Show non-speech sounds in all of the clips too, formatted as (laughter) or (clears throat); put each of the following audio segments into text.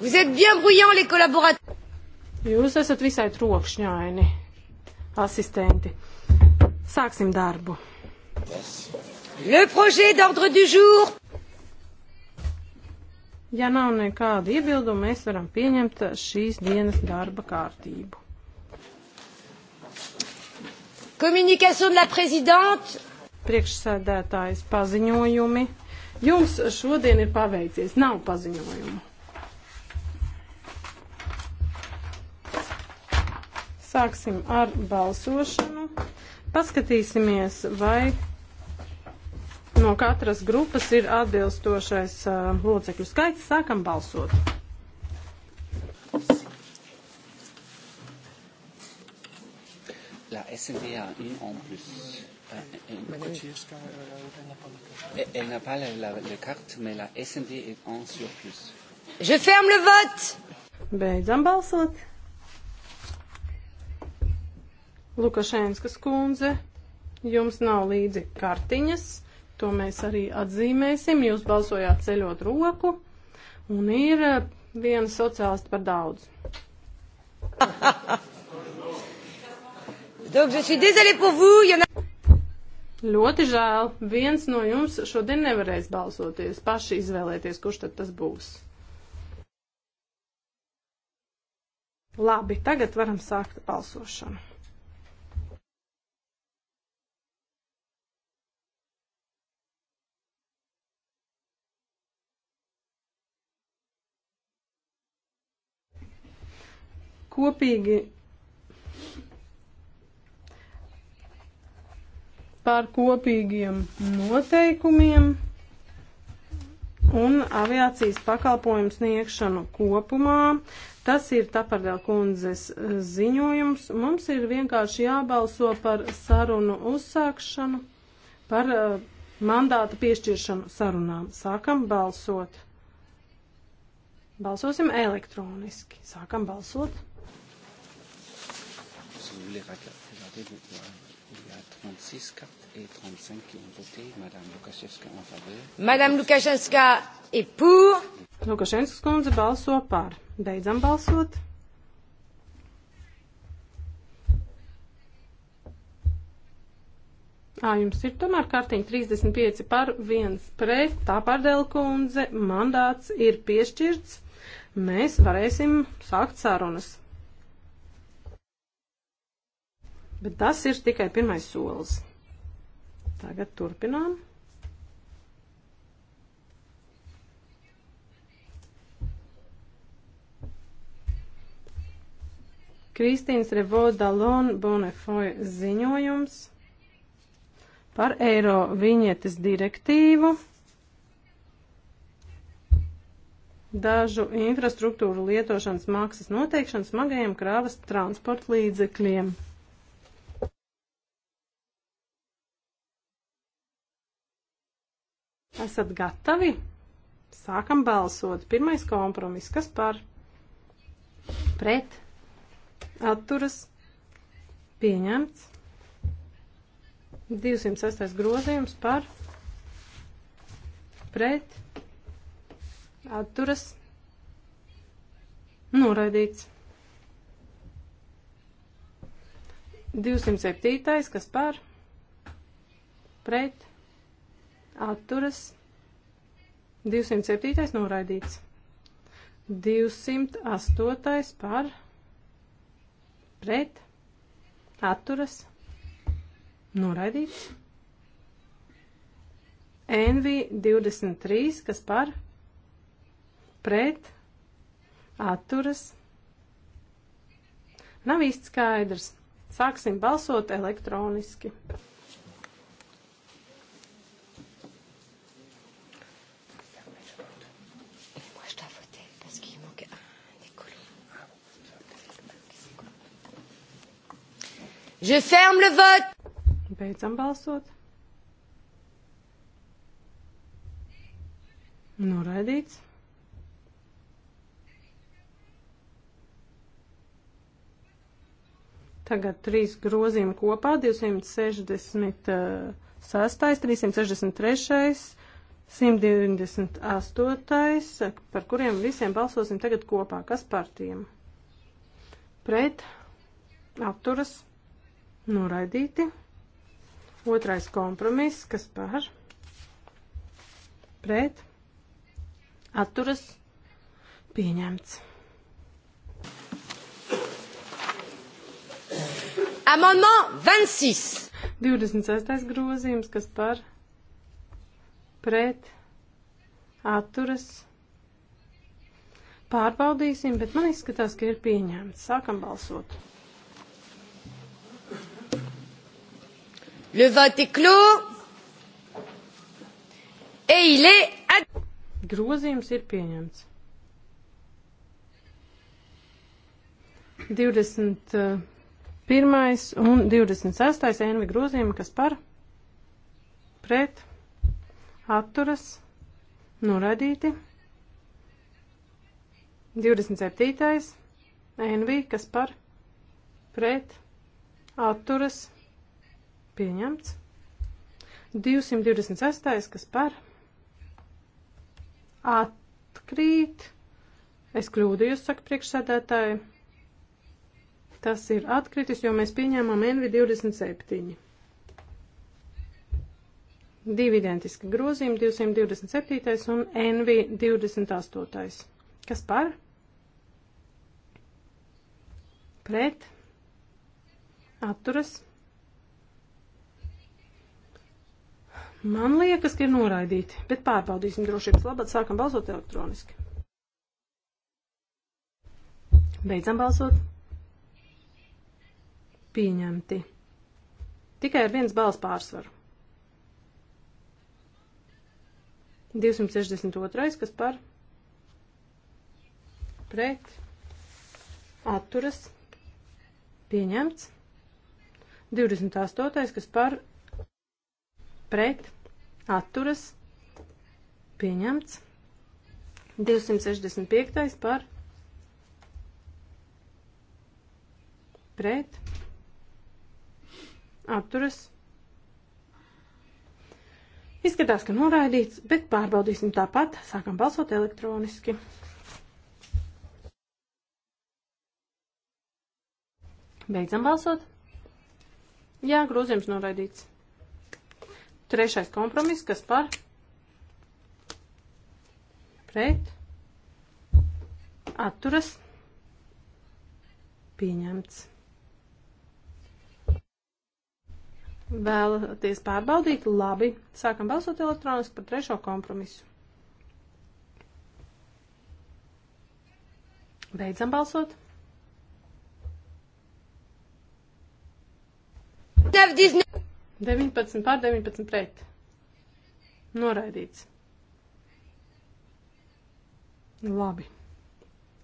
Vous êtes bien bruyants, les collaborateurs. Jūs esat visai trokšņaini, asistenti. Sāksim darbu. Le projet d'ordre du jour. Ja nav nekāda iebilduma, mēs varam pieņemt šīs dienas darba kārtību. Communication de la présidente. Priekšsēdētājs paziņojumi. Jums šodien ir paveicies, nav paziņojumu. Sāksim ar balsošanu. Paskatīsimies, vai no katras grupas ir atbilstošais uh, locekļu skaits. Sākam balsot. La SND a une en plus. Euh, euh, elle n'a pas la, la, la carte, mais la SND est en surplus. Je ferme le vote. Beidzam balsot. Lukašēnskas kundze, jums nav līdzi kartiņas, to mēs arī atzīmēsim, jūs balsojāt ceļot roku, un ir eh, viena sociālista par daudz. (laughs) Donc, je suis désolée pour vous. Il y en a... Ļoti žēl. Viens no jums šodien nevarēs balsoties. Paši izvēlēties, kurš tad tas būs. Labi, tagad varam sākt balsošanu. kopīgi par kopīgiem noteikumiem un aviācijas pakalpojumu sniegšanu kopumā. Tas ir Tapardēl kundzes eh, ziņojums. Mums ir vienkārši jābalso par sarunu uzsākšanu, par uh, mandāta piešķiršanu sarunām. Sākam balsot. Balsosim elektroniski. Sākam balsot les regarder. Il y a 36 cartes et 35 qui ont voté. Madame Lukaszewska en faveur. Madame Lukaszewska est pour. Lukašenskas kundze balso par. Beidzam balsot. Ā, jums ir tomēr kartiņa 35 par 1 pret. Tā pārdēla kundze mandāts ir piešķirts. Mēs varēsim sākt sarunas. Bet tas ir tikai pirmais solis. Tagad turpinām. Kristīnas Revodalon Bonefoy ziņojums par eiro viņietes direktīvu, dažu infrastruktūru lietošanas maksas noteikšanu smagajiem krāvas transporta līdzekļiem. Esat gatavi? Sākam balsot. Pirmais kompromiss. Kas par? Pret. Atturas. Pieņemts. 206. grozījums par. Pret. Atturas. Noraidīts. 207. kas par. Pret atturas 207. noraidīts. 208. par pret atturas noraidīts. NV 23, kas par pret atturas nav īsti skaidrs. Sāksim balsot elektroniski. Je ferme le vote. Beidzam balsot. Noraidīts. Tagad trīs grozījumi kopā - 266, 363, 198, par kuriem visiem balsosim tagad kopā. Kas par tiem? Pret, apturas, noraidīti. Otrais kompromiss, kas par pret atturas pieņemts. Amendment 26. 26. grozījums, kas par pret atturas pārbaudīsim, bet man izskatās, ka ir pieņemts. Sākam balsot. Le vote est clos. Et il est ad... Grozījums ir pieņemts. 21. un 26. envi grozījumi, kas par pret atturas noraidīti. 27. envi, kas par pret atturas noraidīti pieņemts. 226. kas par atkrīt. Es kļūdījos, saka priekšsēdētāji. Tas ir atkritis, jo mēs pieņēmām NV27. Divi identiski grozījumi, 227. un NV28. Kas par? Pret? Atturas? Man liekas, ka ir noraidīti, bet pārbaudīsim drošības labad, sākam balsot elektroniski. Beidzam balsot. Pieņemti. Tikai ar viens balss pārsvaru. 262, kas par pret atturas pieņemts. 28, kas par pret, atturas, pieņemts. 265. par pret, atturas. Izskatās, ka noraidīts, bet pārbaudīsim tāpat. Sākam balsot elektroniski. Beidzam balsot. Jā, grozījums noraidīts. Trešais kompromiss, kas par pret atturas pieņemts. Vēlaties pārbaudīt? Labi. Sākam balsot elektroniski par trešo kompromisu. Beidzam balsot. 19. 19 pār 19 pret. Noraidīts. Labi.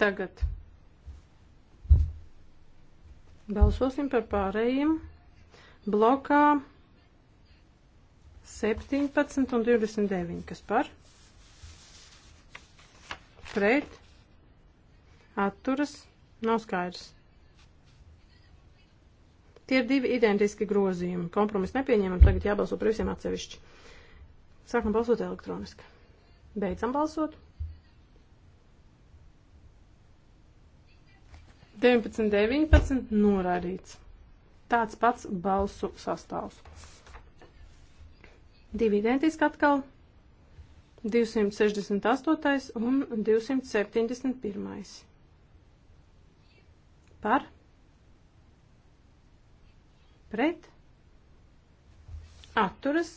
Tagad balsosim par pārējiem blokā 17 un 29, kas par pret atturas nav skaidrs. Tie ir divi identiski grozījumi. Kompromis nepieņemam, tagad jābalso par visiem atsevišķi. Sākam balsot elektroniski. Beidzam balsot. 19, 19 norādīts. Tāds pats balsu sastāvs. Divi identiski atkal. 268 un 271. Par pret, atturas,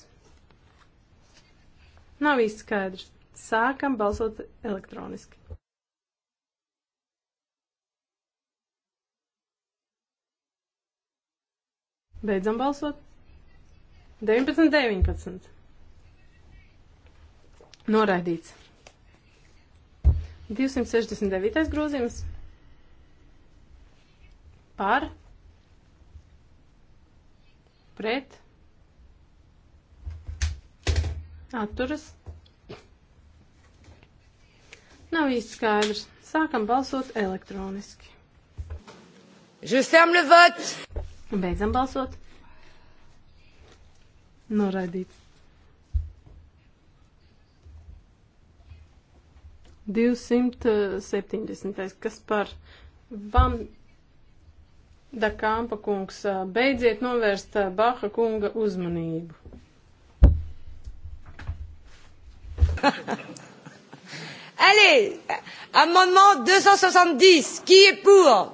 nav īsti skaidrs. Sākam balsot elektroniski. Beidzam balsot. 19, 19. Noraidīts. 269. grozījums par pret, atturas. Nav īsti skaidrs. Sākam balsot elektroniski. Je ferme le vote. Beidzam balsot. Noraidīt. 270. Eh, Kas par vam Da Kampa kungs, beidziet novērst Baha kunga uzmanību. (laughs) Allez, amendement 270, qui est pour?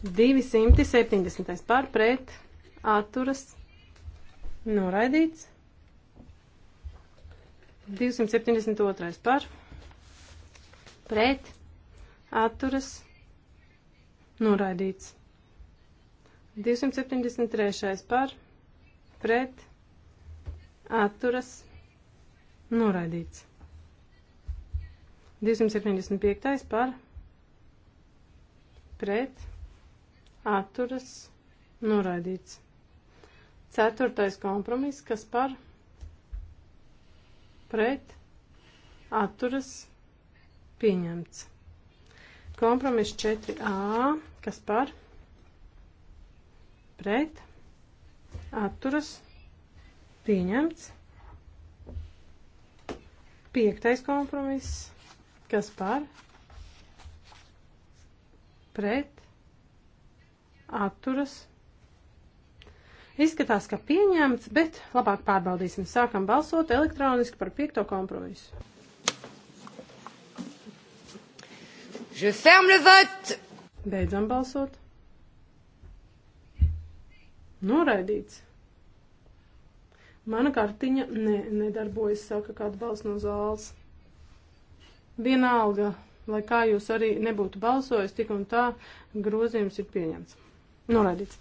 270. par pret, atturas, noraidīts. 272. par pret, atturas, noraidīts. 273. par pret atturas noraidīts. 275. par pret atturas noraidīts. Ceturtais kompromiss, kas par pret atturas pieņemts. Kompromiss 4a, kas par pret pret, atturas, pieņemts. Piektais kompromiss, kas par, pret, atturas. Izskatās, ka pieņemts, bet labāk pārbaudīsim. Sākam balsot elektroniski par piekto kompromisu. Je ferme le vote! Beidzam balsot. Noraidīts. Mana kartiņa ne, nedarbojas, saka kāda balss no zāles. Vienalga, lai kā jūs arī nebūtu balsojis, tik un tā grozījums ir pieņemts. Noraidīts.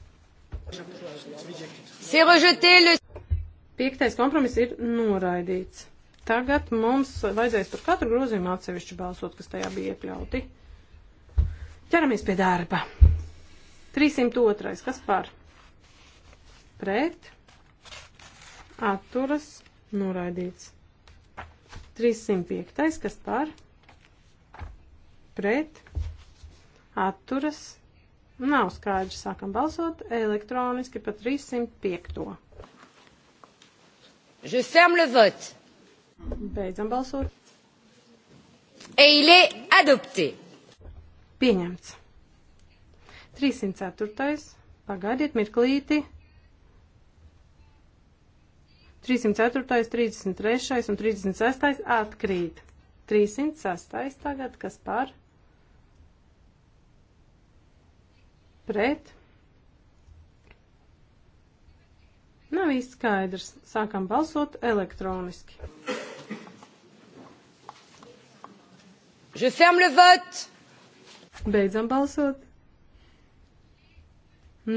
Piektais kompromiss ir noraidīts. Tagad mums vajadzēs par katru grozījumu atsevišķi balsot, kas tajā bija iekļauti. Ķeramies pie darba. 302. Kas par? pret, atturas, noraidīts. 305. kas par, pret, atturas, nav skaidrs. Sākam balsot elektroniski pa 305. Je ferme le vote. Beidzam balsot. Et il est adopté. Pieņemts. 304. Pagaidiet mirklīti. 304, 33 un 36 atkrīt. 306 tagad, kas par? Pret. Nav īsti skaidrs. Sākam balsot elektroniski. Je ferme le vote. Beidzam balsot.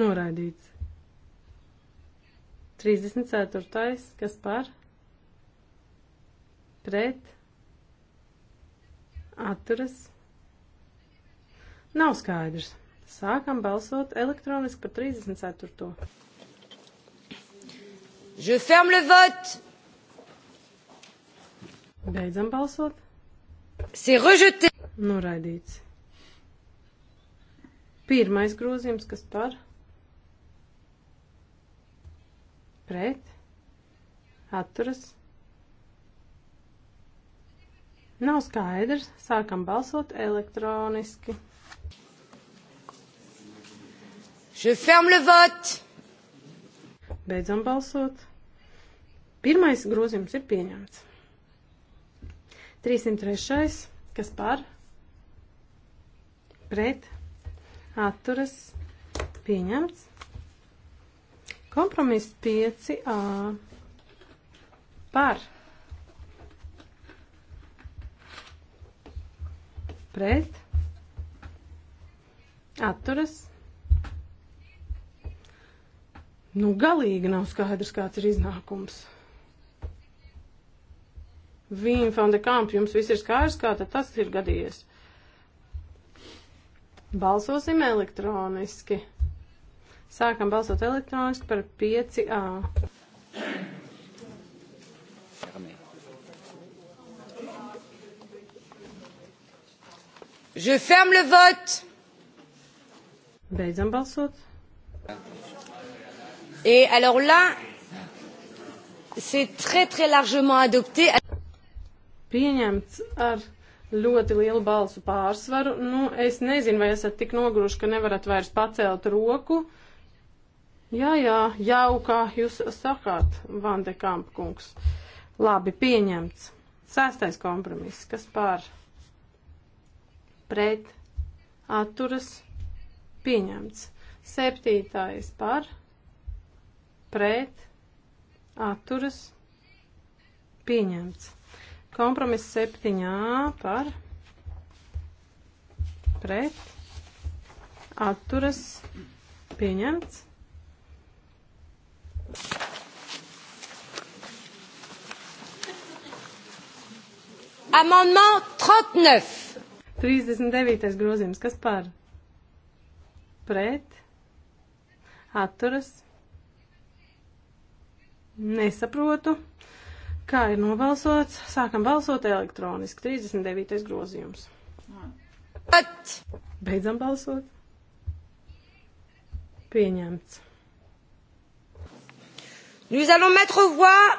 Noraidīts. 34. kas par pret atturas nav skaidrs. Sākam balsot elektroniski par 34. Je ferme le vote. Beidzam balsot. C'est rejeté. Noraidīts. Pirmais grozījums, kas par pret, atturas. Nav skaidrs, sākam balsot elektroniski. Je ferme le vote. Beidzam balsot. Pirmais grozījums ir pieņemts. 303. kas par? Pret. Atturas. Pieņemts. Kompromiss 5a par pret atturas. Nu, galīgi nav skaidrs, kāds ir iznākums. Vīna Fonda Kamp, jums viss ir skaidrs, kā tad tas ir gadījies. Balsosim elektroniski. Sākam balsot elektroniski par 5A. Je ferme le vote. Beidzam balsot. Et alors là, c'est très très largement adopté. Pieņemts ar ļoti lielu balsu pārsvaru. Nu, es nezinu, vai esat tik noguruši, ka nevarat vairs pacelt roku. Uh, Jā, jā, jau kā jūs sakāt, Vande Kampkungs. Labi, pieņemts. Sēstais kompromiss, kas pār pret atturas pieņemts. Septītājs par pret atturas pieņemts. Kompromiss septiņā par pret atturas pieņemts. Amendment 39. 39. grozījums. Kas par? Pret. Atturas. Nesaprotu. Kā ir nobalsots? Sākam balsot elektroniski. 39. grozījums. At. Beidzam balsot. Pieņemts. Nous allons mettre aux voix.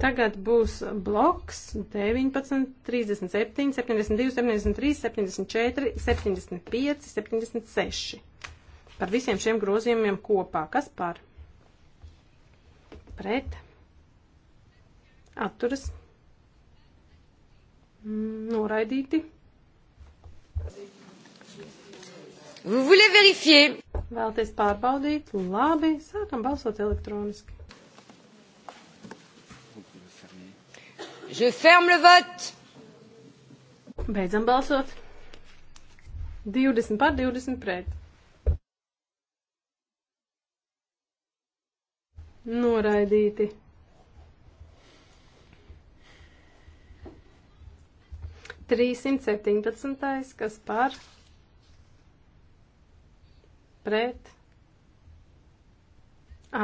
Tagad būs bloks 19, 37, 72, 73, 74, 75, 76. Par visiem šiem grozījumiem kopā. Kas par? Pret. Atturas. Mm, noraidīti. Vous voulez vérifier? Vēlties pārbaudīt? Labi, sākam balsot elektroniski. Je ferme le vote. Beidzam balsot. 20 par 20 pret. Noraidīti. Trīsimt septiņpadsmitais, kas par pret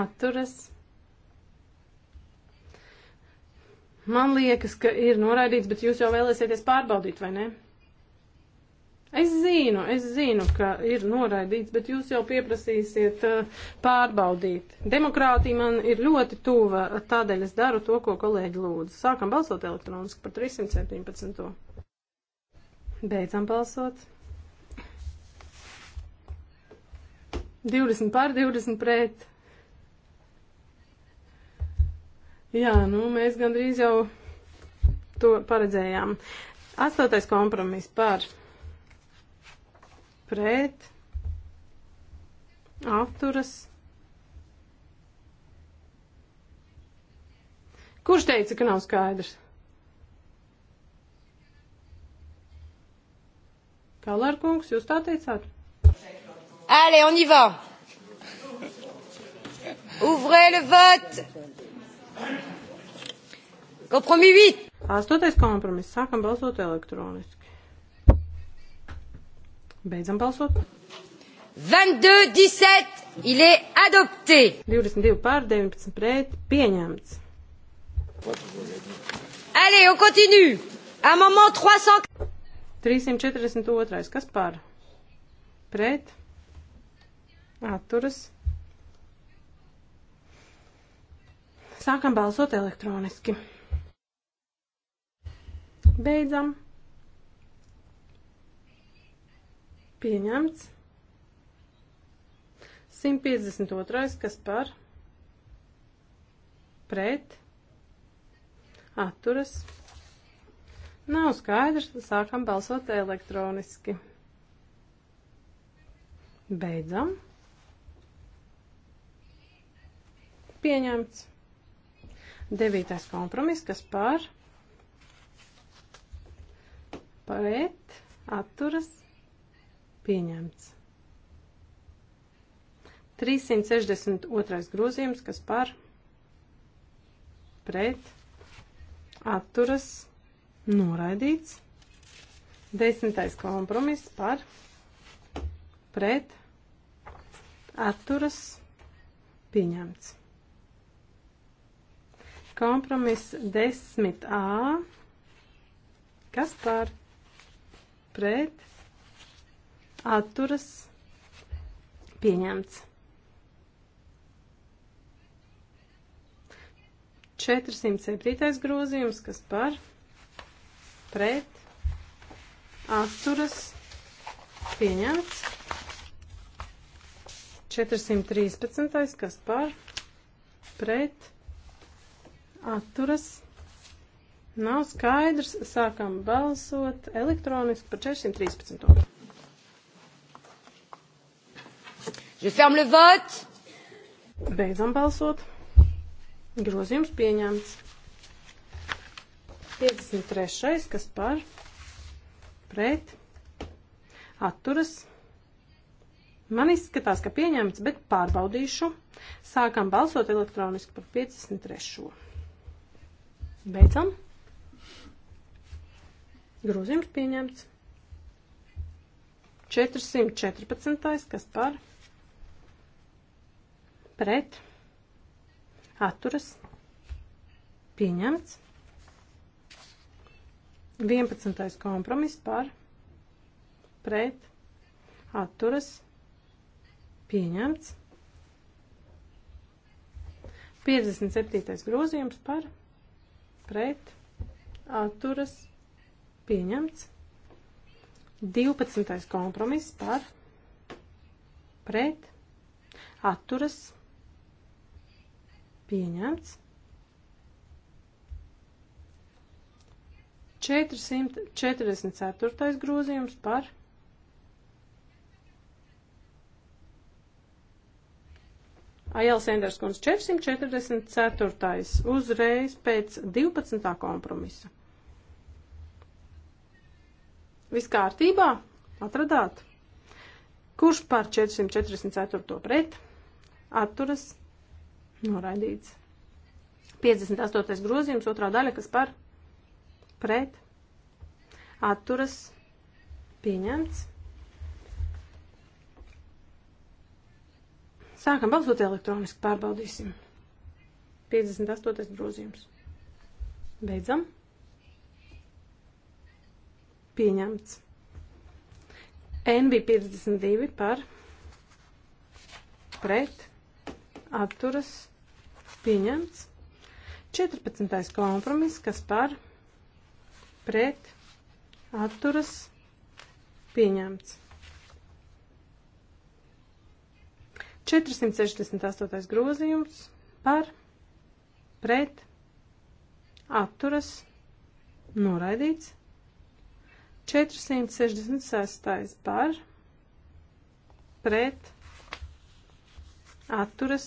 atturas Man liekas, ka ir noraidīts, bet jūs jau vēlēsieties pārbaudīt, vai ne? Es zinu, es zinu, ka ir noraidīts, bet jūs jau pieprasīsiet uh, pārbaudīt. Demokrātija man ir ļoti tuva, tādēļ es daru to, ko kolēģi lūdzu. Sākam balsot elektroniski par 317. Beidzam balsot. 20 pār 20 pret. Jā, nu mēs gandrīz jau to paredzējām. Astotais kompromiss par pret apturas. Kurš teica, ka nav skaidrs? Kalārkungs, jūs tā teicāt? Allez, on y va! Ouvrez le vote! Kompromis 8. Astotais kompromiss. Sākam balsot elektroniski. Beidzam balsot. 22, 17, il est adopté. 22 pār, 19 pret, pieņemts. Allez, on continue. Amendement 300. 342. Kas par? Pret. Atturas. Sākam balsot elektroniski. Beidzam. Pieņemts. 152. Kas par? Pret. Atturas. Nav skaidrs. Sākam balsot elektroniski. Beidzam. Pieņemts. Devītais kompromiss, kas par pret atturas pieņemts. 362. grozījums, kas par pret atturas noraidīts. Desmitais kompromiss par pret atturas pieņemts. Kompromiss 10a. Kas par pret atturas pieņemts. 407. grozījums, kas par pret atturas pieņemts. 413. kas par pret atturas pieņemts atturas. Nav skaidrs, sākam balsot elektroniski par 413. Je ferme le vote. Beidzam balsot. Grozījums pieņemts. 53. kas par pret atturas. Man izskatās, ka pieņemts, bet pārbaudīšu. Sākam balsot elektroniski par 53. Beidzam. Grozījums pieņemts. 414. kas par pret atturas pieņemts. 11. kompromiss par pret atturas pieņemts. 57. grozījums par pret pret atturas pieņemts. 12. kompromiss par pret atturas pieņemts. 444. grozījums par Ajēl Senders kundze 444. uzreiz pēc 12. kompromisa. Viss kārtībā? Atradāt? Kurš par 444. pret? Atturas? Noraidīts. 58. grozījums, otrā daļa, kas par? Pret? Atturas? Pieņemts. Sākam balsot elektroniski, pārbaudīsim. 58. grozījums. Beidzam. Pieņemts. N bija 52 par pret atturas pieņemts. 14. kompromiss, kas par pret atturas pieņemts. 468. grozījums par pret atturas noraidīts. 466. par pret atturas.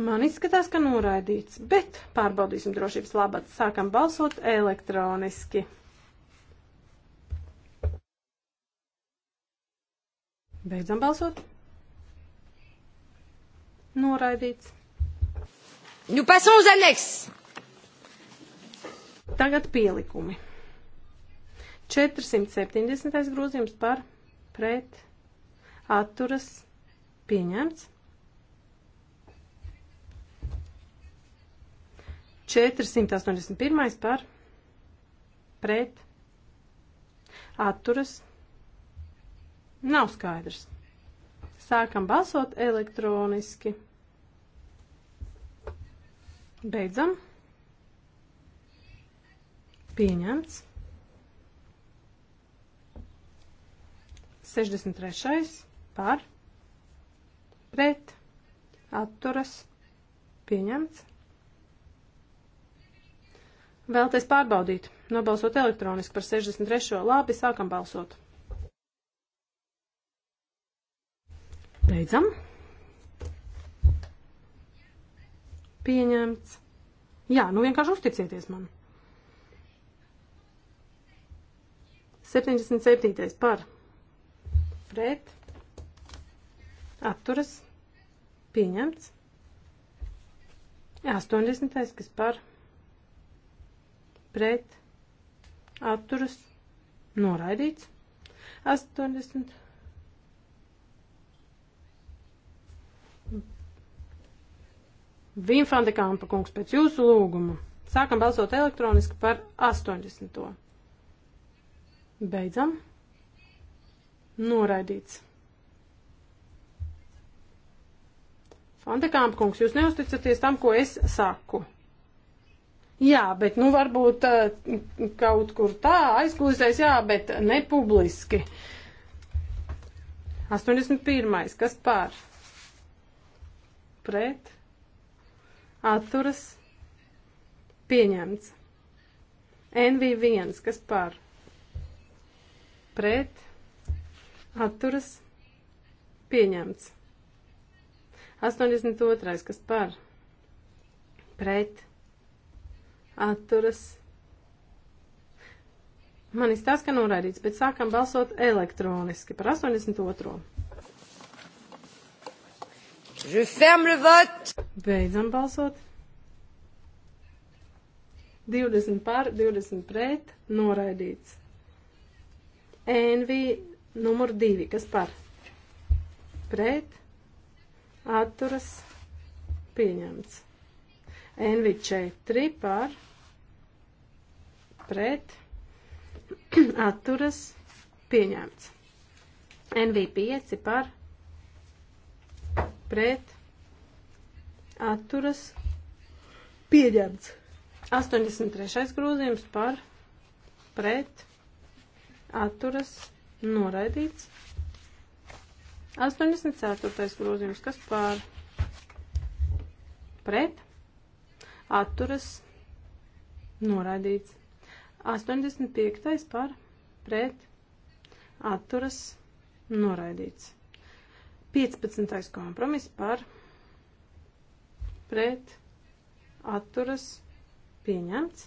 Man izskatās, ka noraidīts, bet pārbaudīsim drošības labāk. Sākam balsot elektroniski. Beidzam balsot. Noraidīts. Nu passons uz aneks. Tagad pielikumi. 470. grozījums par pret atturas pieņemts. 481. par pret atturas nav skaidrs. Sākam balsot elektroniski. Beidzam. Pieņemts. 63. par. Pret. Atturas. Pieņemts. Vēlties pārbaudīt. Nobalsot elektroniski par 63. Labi, sākam balsot. Beidzam. pieņemts. Jā, nu vienkārši uzticieties man. 77. par pret atturas pieņemts. 80. kas par pret atturas noraidīts. 80. Vimfrande Kampa kungs pēc jūsu lūguma. Sākam balsot elektroniski par 80. Beidzam. Noraidīts. Fantekāmpa kungs, jūs neusticaties tam, ko es saku. Jā, bet nu varbūt eh, kaut kur tā aizklūsēs, jā, bet ne publiski. 81. Kas pār? Pret? atturas pieņemts. NV1, kas par pret atturas pieņemts. 82, kas par pret atturas pieņemts. Man izstāsta, ka noraidīts, bet sākam balsot elektroniski par 82. Je ferme le vote. Beidzam balsot. 20 par, 20 pret, noraidīts. NV numur 2, kas par? Pret, atturas, pieņemts. NV 4 par, pret, (clears throat) atturas, pieņemts. NV 5 par, pret pret atturas pieņemts. 83. grozījums par pret atturas noraidīts. 84. grozījums, kas par pret atturas noraidīts. 85. par pret atturas noraidīts. 15. kompromiss par pret atturas pieņemts.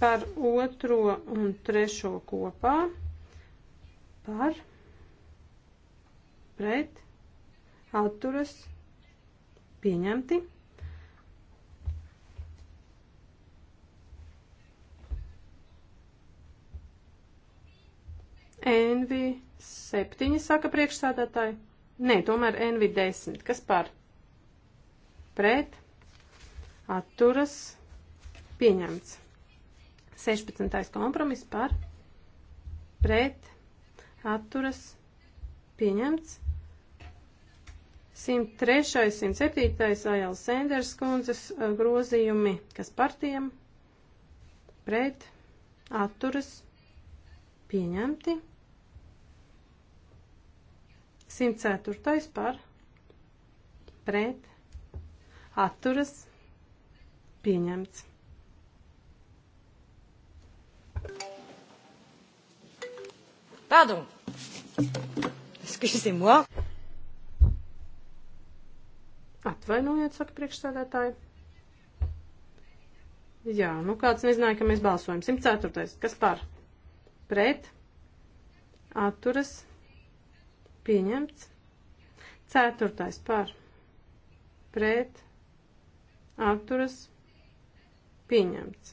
Par otro un trešo kopā par pret atturas pieņemti. NV7 saka priekšsādātāji. Nē, tomēr NV10. Kas par? Pret. Atturas. Pieņemts. 16. kompromis par. Pret. Atturas. Pieņemts. 103. 107. Ajāls Senders kundzes uh, grozījumi. Kas par tiem? Pret. Atturas. Pieņemti. 104. par pret atturas pieņemts. Pardon. Excusez-moi. Atvainojiet, saka priekšsēdētāji. Jā, nu kāds nezināja, ka mēs balsojam. 104. Kas par? Pret. Atturas pieņemts. Ceturtais par pret atturas pieņemts.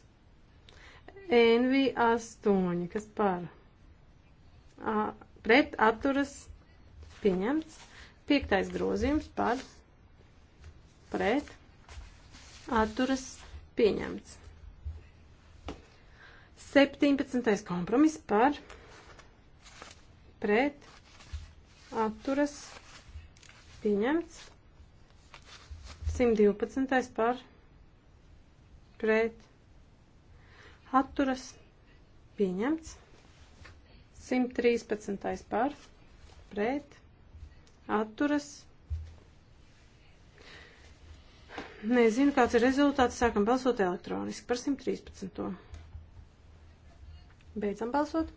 NV 8, kas par a, pret atturas pieņemts. Piektais grozījums par pret atturas pieņemts. 17. kompromiss par pret atturas pieņemts. 112. par pret atturas pieņemts. 113. par pret atturas. Nezinu, kāds ir rezultāts. Sākam balsot elektroniski par 113. Beidzam balsot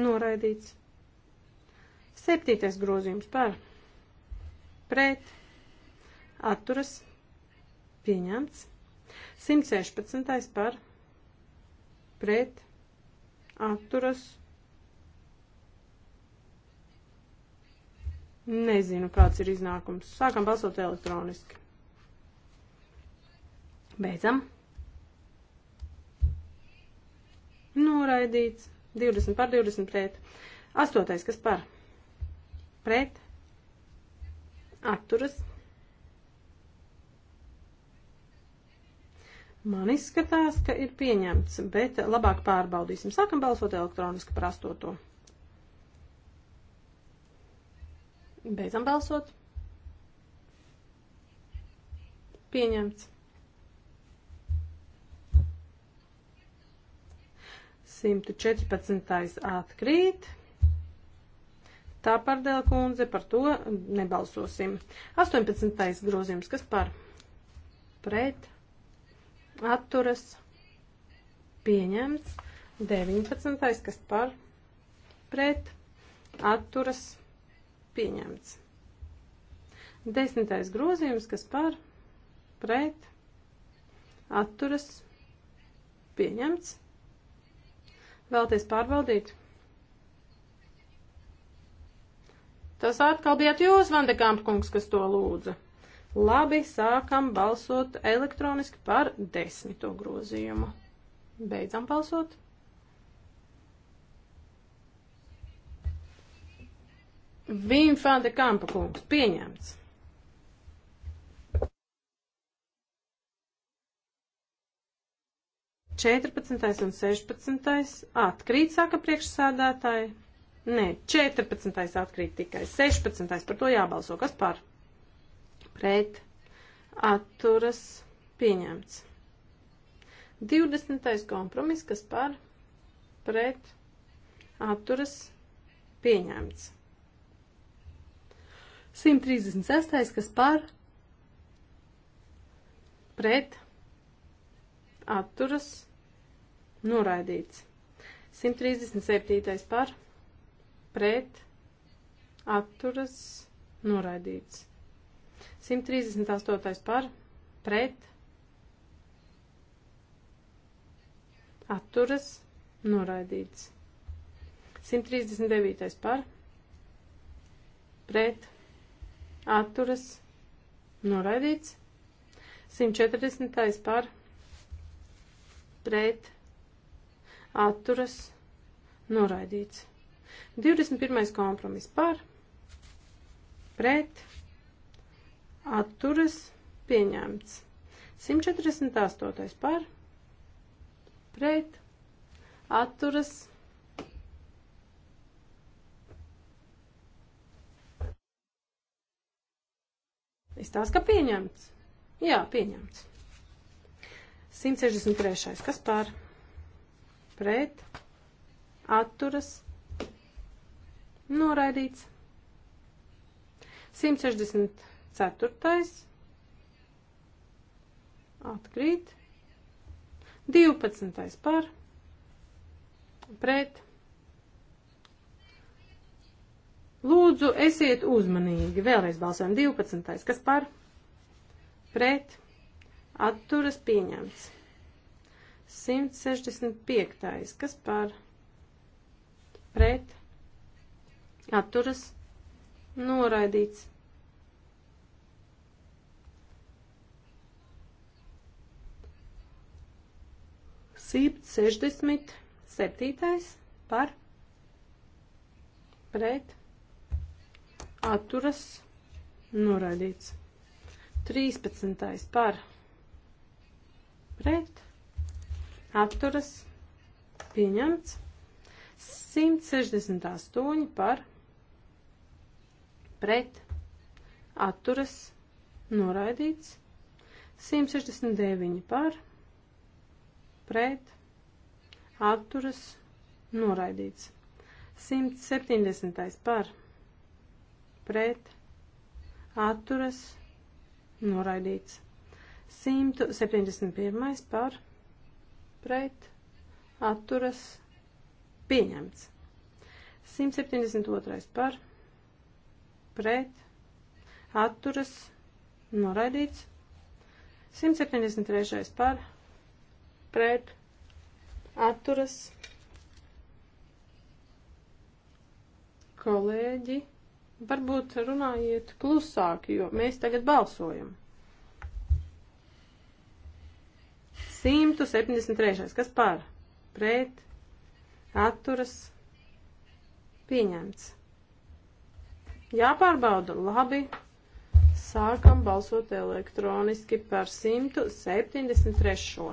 noraidīts. Septītais grozījums par pret atturas pieņemts. 116. par pret atturas nezinu, kāds ir iznākums. Sākam balsot elektroniski. Beidzam. Noraidīts. 20 par 20 pret. Astotais, kas par? Pret. Atturas. Man izskatās, ka ir pieņemts, bet labāk pārbaudīsim. Sākam balsot elektroniski par astoto. Beidzam balsot. Pieņemts. 114. atkrīt. Tāpārdēla kundze par to nebalsosim. 18. grozījums, kas par pret atturas pieņemts. 19. kas par pret atturas pieņemts. 10. grozījums, kas par pret atturas pieņemts. Vēlties pārbaudīt? Tas atkal bijāt jūs, Vandekāmp kungs, kas to lūdza. Labi, sākam balsot elektroniski par desmito grozījumu. Beidzam balsot. Vim Fandekāmpa kungs pieņemts. 14. un 16. atkrīt, saka priekšsēdētāji. Nē, 14. atkrīt tikai 16. par to jābalso. Kas par? Pret. Atturas. Pieņemts. 20. kompromis, kas par? Pret. Atturas. Pieņemts. 136. kas par? Pret. Atturas. Pieņemts noraidīts. 137. par, pret, atturas, noraidīts. 138. par, pret, atturas, noraidīts. 139. par, pret, atturas, noraidīts. 140. par, pret, atturas noraidīts. 21. kompromiss par, pret, atturas pieņemts. 148. par, pret, atturas pieņemts. Izstāsta, ka pieņemts. Jā, pieņemts. 163. Kas par? pret, atturas, noraidīts. 164. atkrīt. 12. par, pret. Lūdzu, esiet uzmanīgi. Vēlreiz balsojam 12. kas par, pret, atturas pieņemts. 165. Kas par pret atturas noraidīts. Simt sešdesmit septītais par pret atturas noraidīts. Trīspadsmitais par pret atturas pieņemts. 168 par pret atturas noraidīts. 169 par pret atturas noraidīts. 170 par pret atturas noraidīts. 171 par pret atturas pieņemts. 172. par pret atturas noraidīts. 173. par pret atturas kolēģi. Varbūt runājiet klusāk, jo mēs tagad balsojam. 173. Kas par? Pret. Atturas. Pieņemts. Jāpārbauda. Labi. Sākam balsot elektroniski par 173.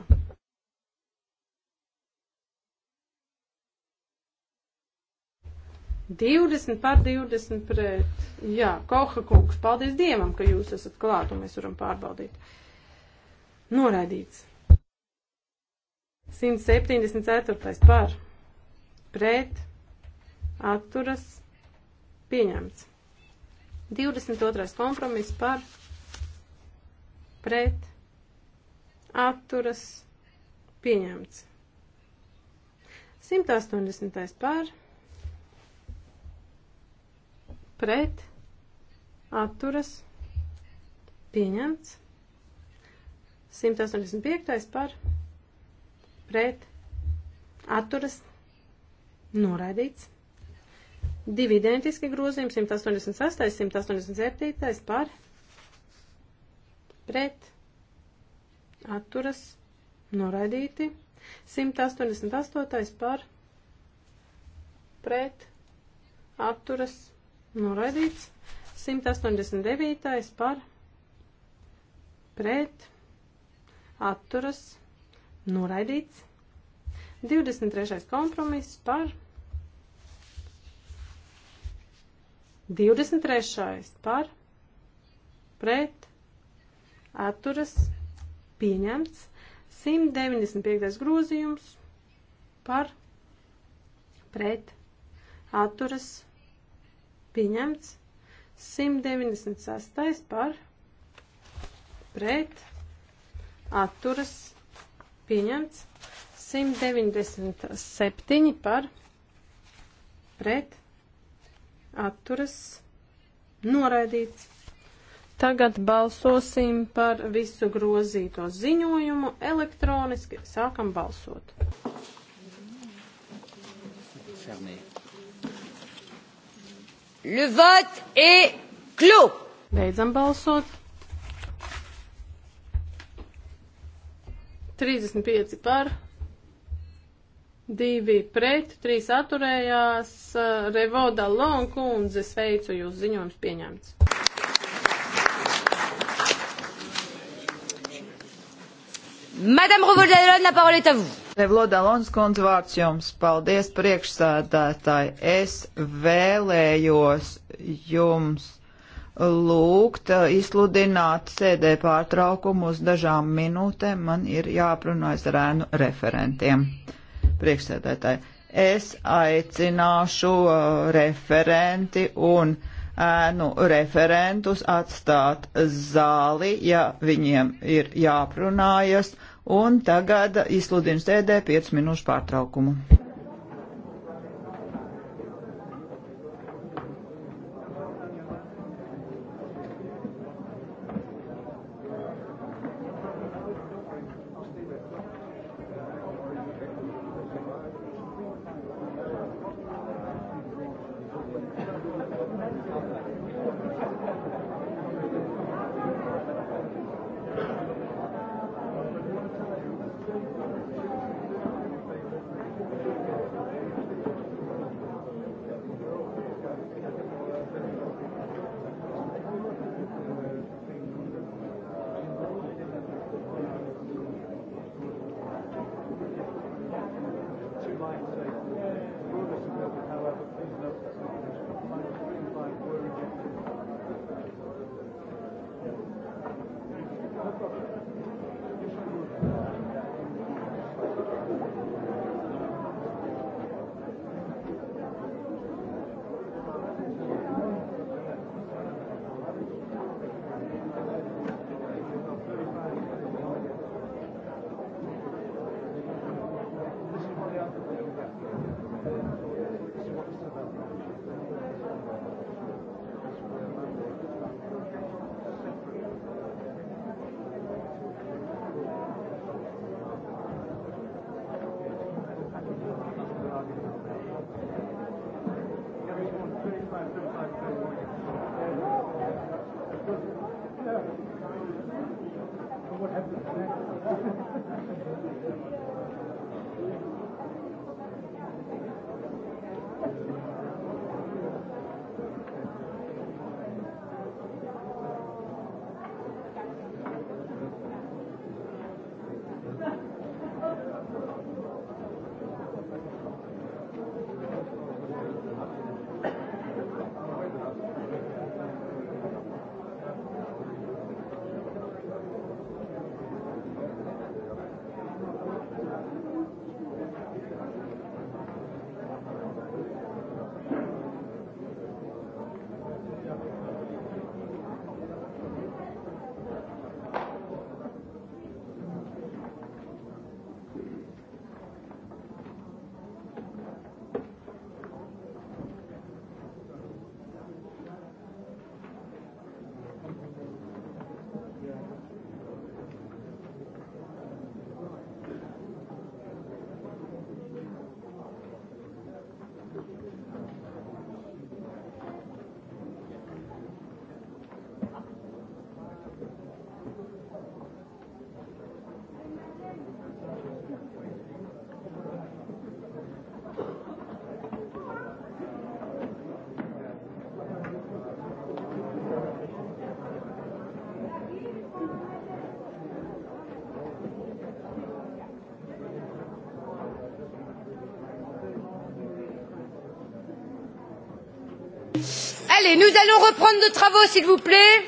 Divdesmit par divdesmit pret. Jā, Koha kungs, paldies Dievam, ka jūs esat klāt un mēs varam pārbaudīt. Noraidīts. 174. par pret atturas pieņemts. 22. kompromiss par pret atturas pieņemts. 180. par pret atturas pieņemts. 185. par pret pret atturas noraidīts. Divi identiski grozījumi 186, 187 par pret atturas noraidīti. 188 par pret atturas noraidīts. 189 par pret atturas noraidīts noraidīts. 23. kompromiss par 23. par pret atturas pieņemts. 195. grozījums par pret atturas pieņemts. 196. par pret atturas pieņemts pieņemts 197 par pret atturas noraidīts. Tagad balsosim par visu grozīto ziņojumu elektroniski. Sākam balsot. Fermé. Le vote est clos. Beidzam balsot. 35 par, 2 pret, 3 atturējās. Revoda Lonkundze sveicu jūs ziņojums pieņemts. Madame Revodalon, la parole est à vous. Revlodalons kundze vārds jums. Paldies priekšsēdētāji. Es vēlējos jums lūgt izsludināt sēdē pārtraukumu uz dažām minūtēm. Man ir jāprunājas ar ēnu referentiem. Priekšsēdētāji, es aicināšu referenti un ēnu referentus atstāt zāli, ja viņiem ir jāprunājas, un tagad izsludinu sēdē 5 minūšu pārtraukumu. Allez, nous allons reprendre nos travaux, s'il vous plaît.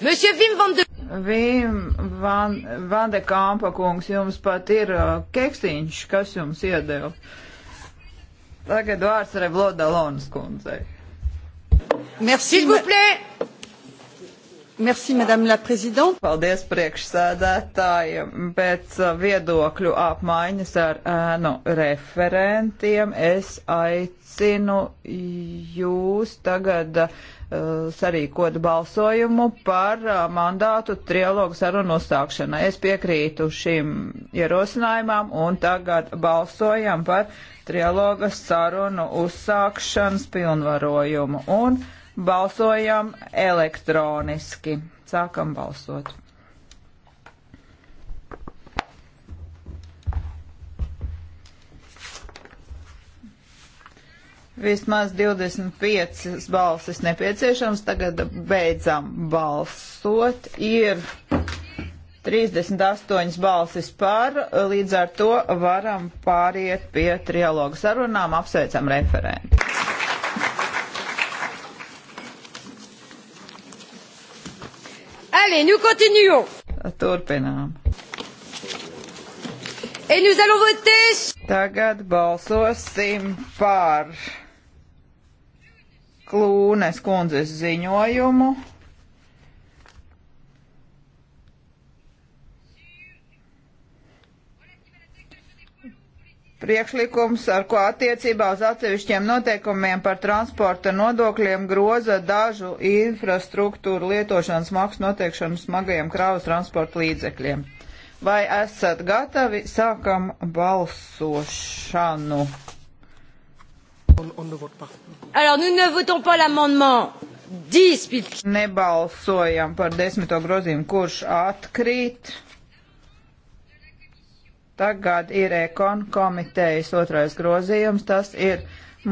Monsieur Wim van de... Vim van, van de Kampa kungs, jums pat ir uh, keksiņš, kas jums iedeva. Tagad vārds Revloda Lonas kundzei. Merci, s'il vous plaît. Merci, Madame la Présidente. Paldies priekšsēdētājiem. Pēc uh, viedokļu apmaiņas ar ēnu referentiem es aicinu jūs tagad uh, sarīkot balsojumu par uh, mandātu trialogu sarunu uzsākšanai. Es piekrītu šīm ierosinājumam un tagad balsojam par trialoga sarunu uzsākšanas pilnvarojumu. Un, uh, Balsojam elektroniski. Sākam balsot. Vismaz 25 balsis nepieciešams. Tagad beidzam balsot. Ir 38 balsis par, līdz ar to varam pāriet pie trialogu sarunām. Apsveicam referentu. Allez, nous continuons. Turpinām. Et nous allons voter. Tagad balsosim par Klūnes kundzes ziņojumu. Priekšlikums, ar ko attiecībā uz atsevišķiem noteikumiem par transporta nodokļiem groza dažu infrastruktūru lietošanas maksu noteikšanu smagajiem kravas transporta līdzekļiem. Vai esat gatavi? Sākam balsošanu. Alors, nous ne votons pas l'amendement 10. Nebalsojam par desmito grozījumu, kurš atkrīt. Tagad ir ekon komitejas otrais grozījums, tas ir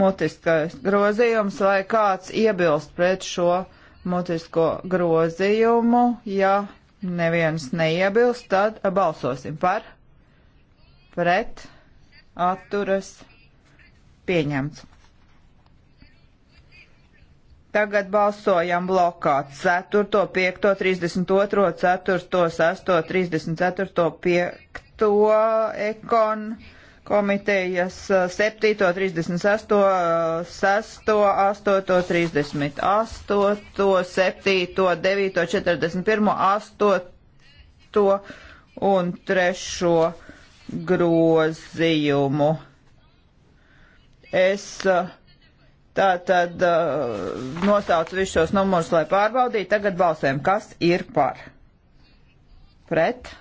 mutiskais grozījums, vai kāds iebilst pret šo mutisko grozījumu, ja neviens neiebilst, tad balsosim par, pret, atturas, pieņemts. Tagad balsojam blokā 4, 5, 32, 4, 6, 34, 5 to ekon komitejas 7, 36, 6, 8, 38, 7, 9, 41, 8 un 3 grozījumu. Es eh, tā tad eh, nosaucu visus šos numurus, lai pārbaudītu. Tagad balsēm, kas ir par? Pret?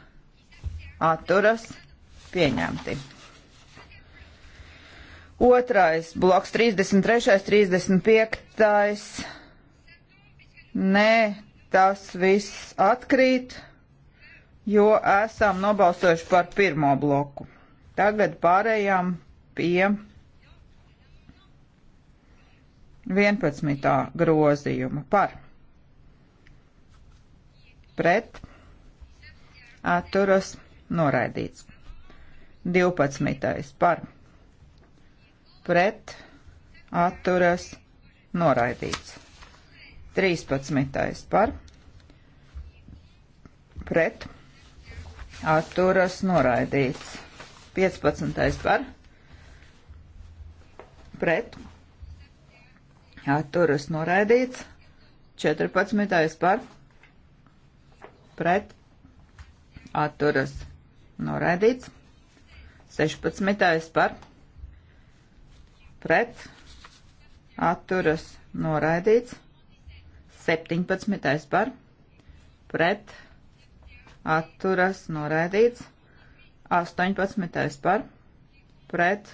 atturas pieņemti. Otrais bloks 33, 35. Nē, tas viss atkrīt, jo esam nobalsojuši par pirmo bloku. Tagad pārējām pie 11. grozījuma par pret atturas pieņemti noraidīts. 12. par pret atturas noraidīts. 13. par pret atturas noraidīts. 15. par pret atturas noraidīts. 14. par pret atturas noraidīts Noraidīts. 16. par pret atturas noraidīts. 17. par pret atturas noraidīts. 18. par pret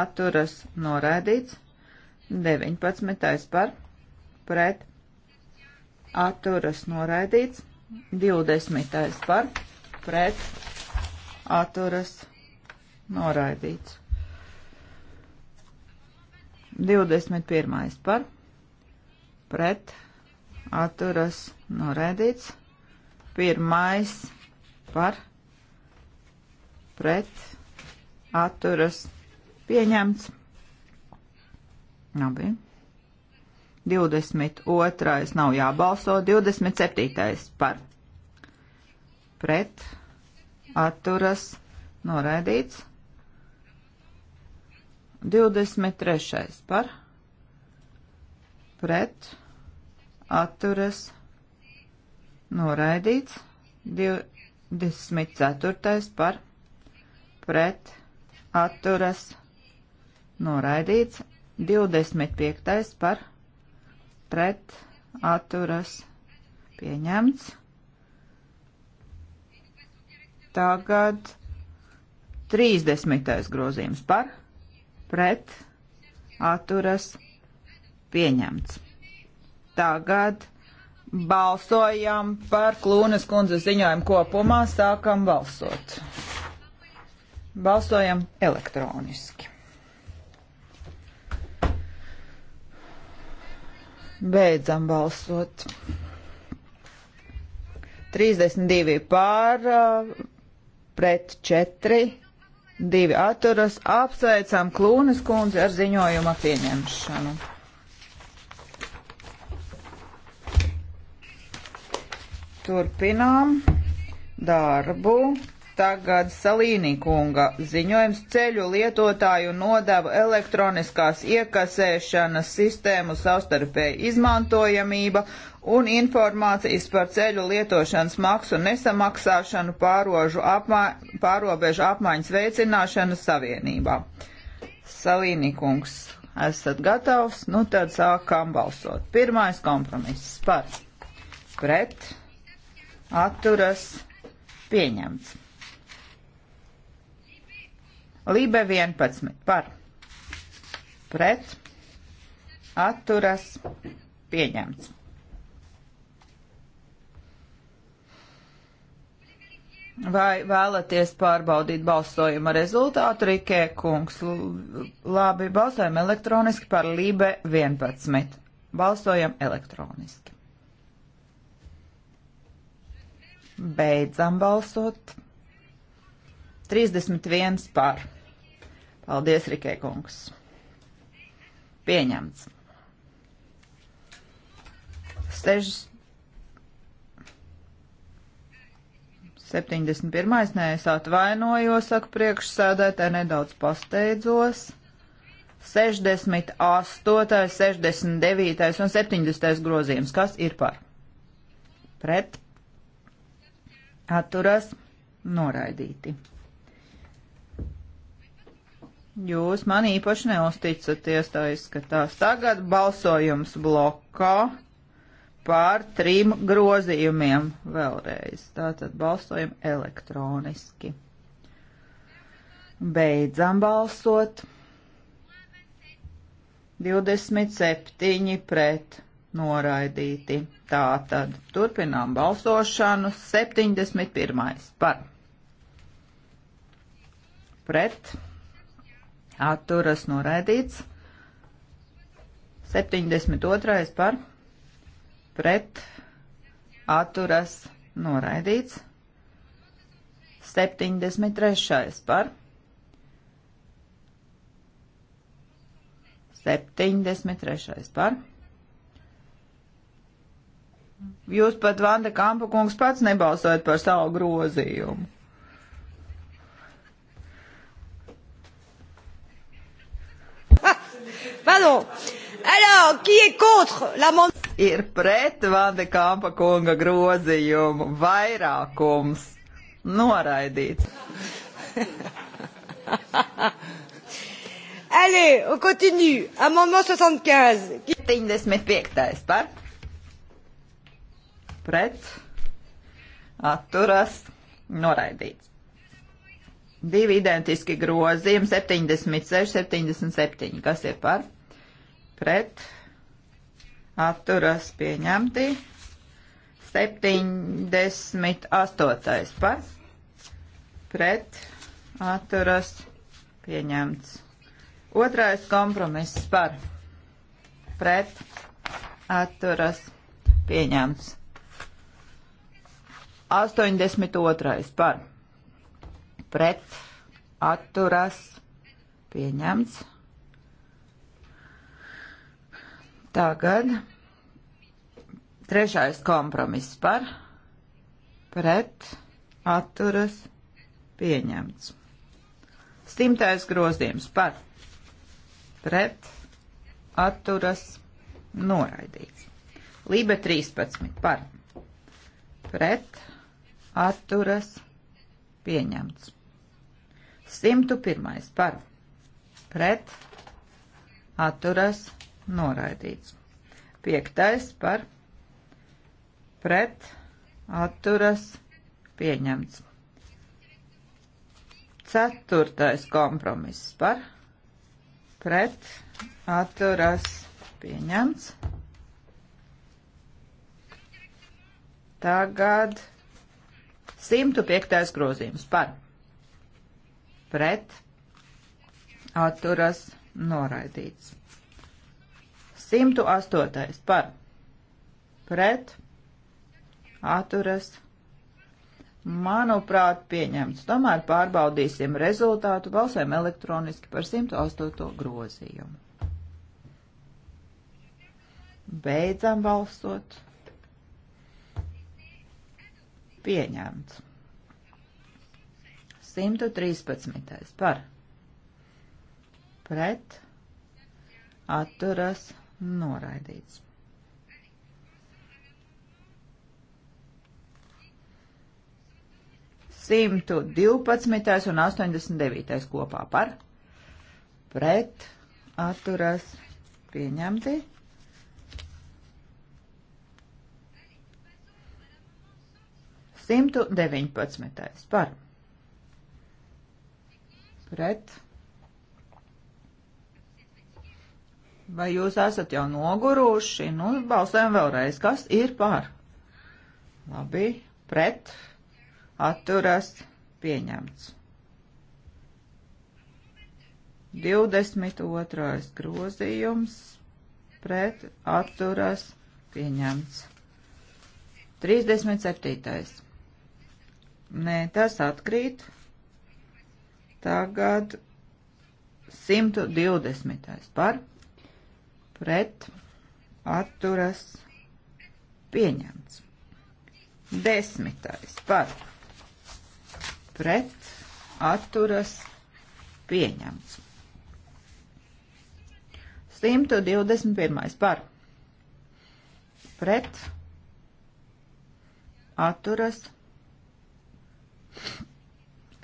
atturas noraidīts. 19. par pret atturas noraidīts. 20. par pret pret atturas noraidīts. 21. par pret atturas noraidīts. 1. par pret atturas pieņemts. Labi. 22. nav jābalso, 27. par pret, atturas, noraidīts. 23. par, pret, atturas, noraidīts. 24. par, pret, atturas, noraidīts. 25. par, pret, atturas, pieņemts. Tagad 30. grozījums par, pret, atturas, pieņemts. Tagad balsojam par Klūnas kundzes ziņojumu kopumā, sākam balsot. Balsojam elektroniski. Beidzam balsot. 32 pār, uh, pret 4, 2 atturas. Apsveicam Klūnas kundzi ar ziņojuma pieņemšanu. Turpinām darbu tagad Salīnī kunga ziņojums ceļu lietotāju nodevu elektroniskās iekasēšanas sistēmu savstarpēji izmantojamība un informācijas par ceļu lietošanas maksu nesamaksāšanu pārožu apmā, pārobežu apmaiņas veicināšanu savienībā. Salīnī kungs, esat gatavs? Nu tad sākām balsot. Pirmais kompromiss par pret atturas pieņemts. Lībe 11 par pret atturas pieņemts. Vai vēlaties pārbaudīt balsojuma rezultātu, Rikē kungs? Labi, balsojam elektroniski par Lībe 11. Balsojam elektroniski. Beidzam balsot. 31 par. Paldies, Rikē kungs. Pieņemts. Stežas 71. Nē, es atvainojos, saka priekšsēdētāji, nedaudz pasteidzos. 68, 69 un 70 grozījums. Kas ir par? Pret. Atturas. Noraidīti. Jūs man īpaši neusticaties, tā izskatās. Tagad balsojums blokā pār trim grozījumiem vēlreiz. Tātad balsojam elektroniski. Beidzam balsot. 27 pret noraidīti. Tātad turpinām balsošanu. 71 par. Pret atturas noraidīts. 72. par pret atturas noraidīts. 73. par 73. par Jūs pat, Vanda Kampa kungs, pats nebalsojat par savu grozījumu. Pardon. Alors, qui est contre l'amendement? Ir pret Vande Kampa kunga grozījumu vairākums noraidīts. (laughs) Allez, on continue. Amendement 75. 75. par. Pret. Atturas. Noraidīts. Divi identiski grozījumi 76, 77. Kas ir par? Pret. Atturas pieņemti. 78. par. Pret. Atturas pieņemts. Otrais kompromiss par. Pret. Atturas pieņemts. 82. par pret, atturas, pieņemts. Tagad trešais kompromiss par, pret, atturas, pieņemts. Stimtais grozījums par, pret, atturas, noraidīts. Lība 13 par, pret, atturas, pieņemts. 101. par pret atturas noraidīts. 5. par pret atturas pieņemts. 4. kompromiss par pret atturas pieņemts. Tagad 105. grozījums par pret atturas noraidīts. 108. par pret atturas manuprāt pieņemts. Tomēr pārbaudīsim rezultātu balsēm elektroniski par 108. grozījumu. Beidzam balsot. Pieņemts. 113. par pret atturas noraidīts. Simtu divpadsmitais un astoņdesmit devītais kopā par pret atturas pieņemti. Simtu deviņpadsmitais par pret Pret. Vai jūs esat jau noguruši? Nu, balsēm vēlreiz. Kas ir par? Labi. Pret. Atturas. Pieņemts. 22. grozījums pret atturas pieņemts. 37. Nē, tas atkrīt. Tagad 120. par pret atturas pieņemts. Desmitais par pret atturas pieņemts. 121. par pret atturas pieņemts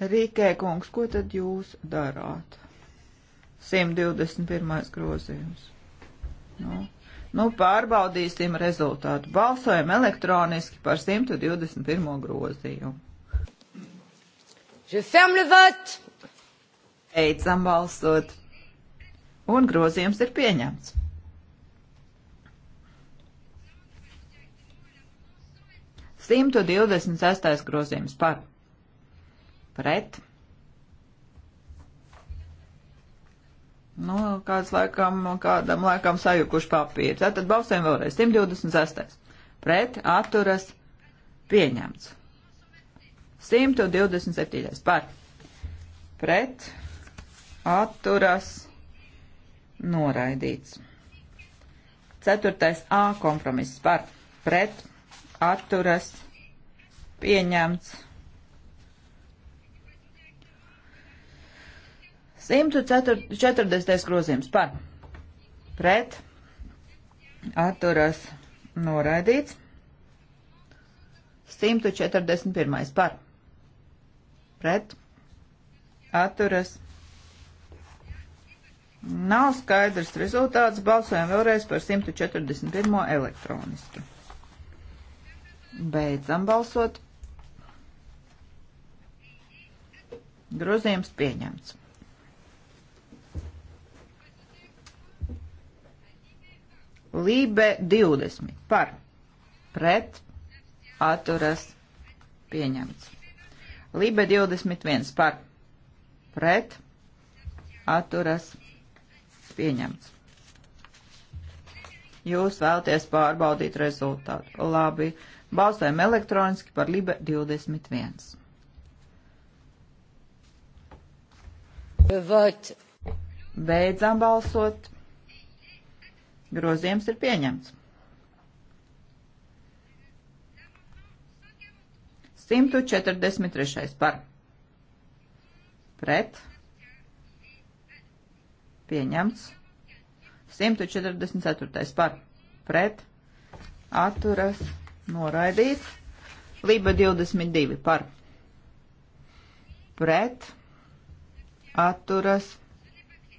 Rīkē kungs, ko tad jūs darāt? 121. grozījums. Nu, nu pārbaudīsim rezultātu. Balsojam elektroniski par 121. grozījumu. Je ferme le vote! Beidzam balsot. Un grozījums ir pieņemts. Simtu divdesmit sestais grozījums par pret. Nu, kāds laikam, kādam laikam sajukuši papīri. Tātad balsēm vēlreiz. 126. Pret atturas pieņemts. 127. par. Pret atturas noraidīts. 4. A kompromiss par. Pret atturas pieņemts. 140. grozījums par pret atturas noraidīts. 141. par pret atturas. Nav skaidrs rezultāts. Balsojam vēlreiz par 141. elektroniski. Beidzam balsot. Grozījums pieņemts. Lībe 20 par pret atturas pieņemts. Lībe 21 par pret atturas pieņemts. Jūs vēlaties pārbaudīt rezultātu. Labi, balsojam elektroniski par Libe 21. Vot. Beidzām balsot. Grozījums ir pieņemts. 143. par pret pieņemts. 144. par pret atturas noraidīts. Lība 22 par pret atturas noraidīts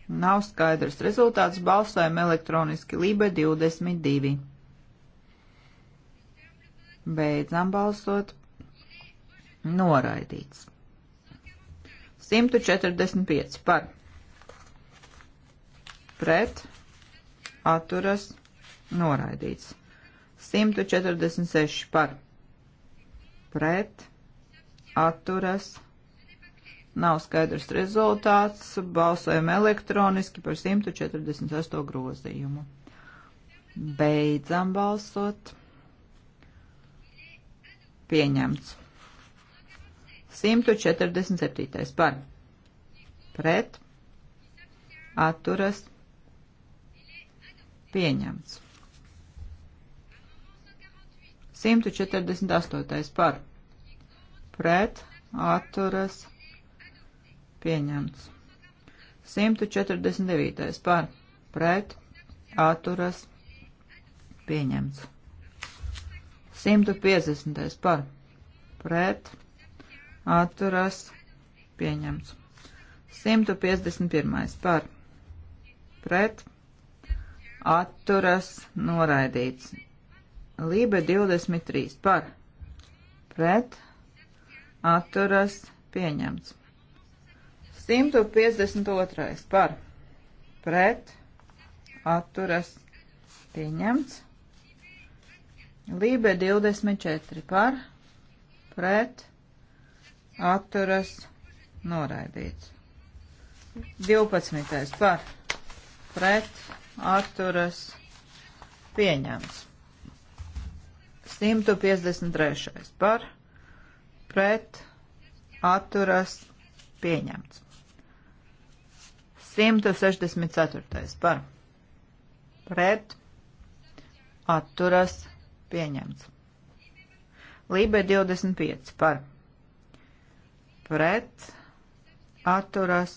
Nav skaidrs rezultāts. Balsojam elektroniski Libe 22. Beidzam balsot. Noraidīts. 145 par. Pret. Atturas. Noraidīts. 146 par. Pret. Atturas. Noraidīts Nav skaidrs rezultāts. Balsojam elektroniski par 148 grozījumu. Beidzam balsot. Pieņemts. 147. par. Pret. Atturas. Pieņemts. 148. par. Pret. Atturas. Pieņemts pieņemts. 149. par pret atturas pieņemts. 150. par pret atturas pieņemts. 151. par pret atturas noraidīts. Lībe 23. par pret atturas pieņemts. 152. par pret atturas pieņemts. Lībe 24 par pret atturas noraidīts. 12. par pret atturas pieņemts. 153. par pret atturas pieņemts. 164. par pret atturas pieņemts. Lībe 25 par pret atturas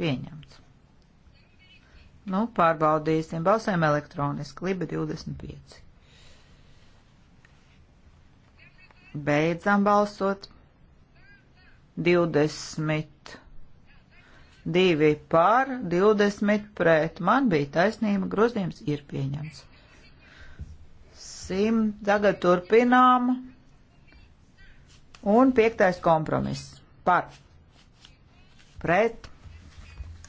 pieņemts. Nu, pārbaudīsim. Balsēm elektroniski. Liba 25. Beidzam balsot. 20 2 pār, 20 pret. Man bija taisnība, grozījums ir pieņemts. Sim, tagad turpinām. Un piektais kompromiss par pret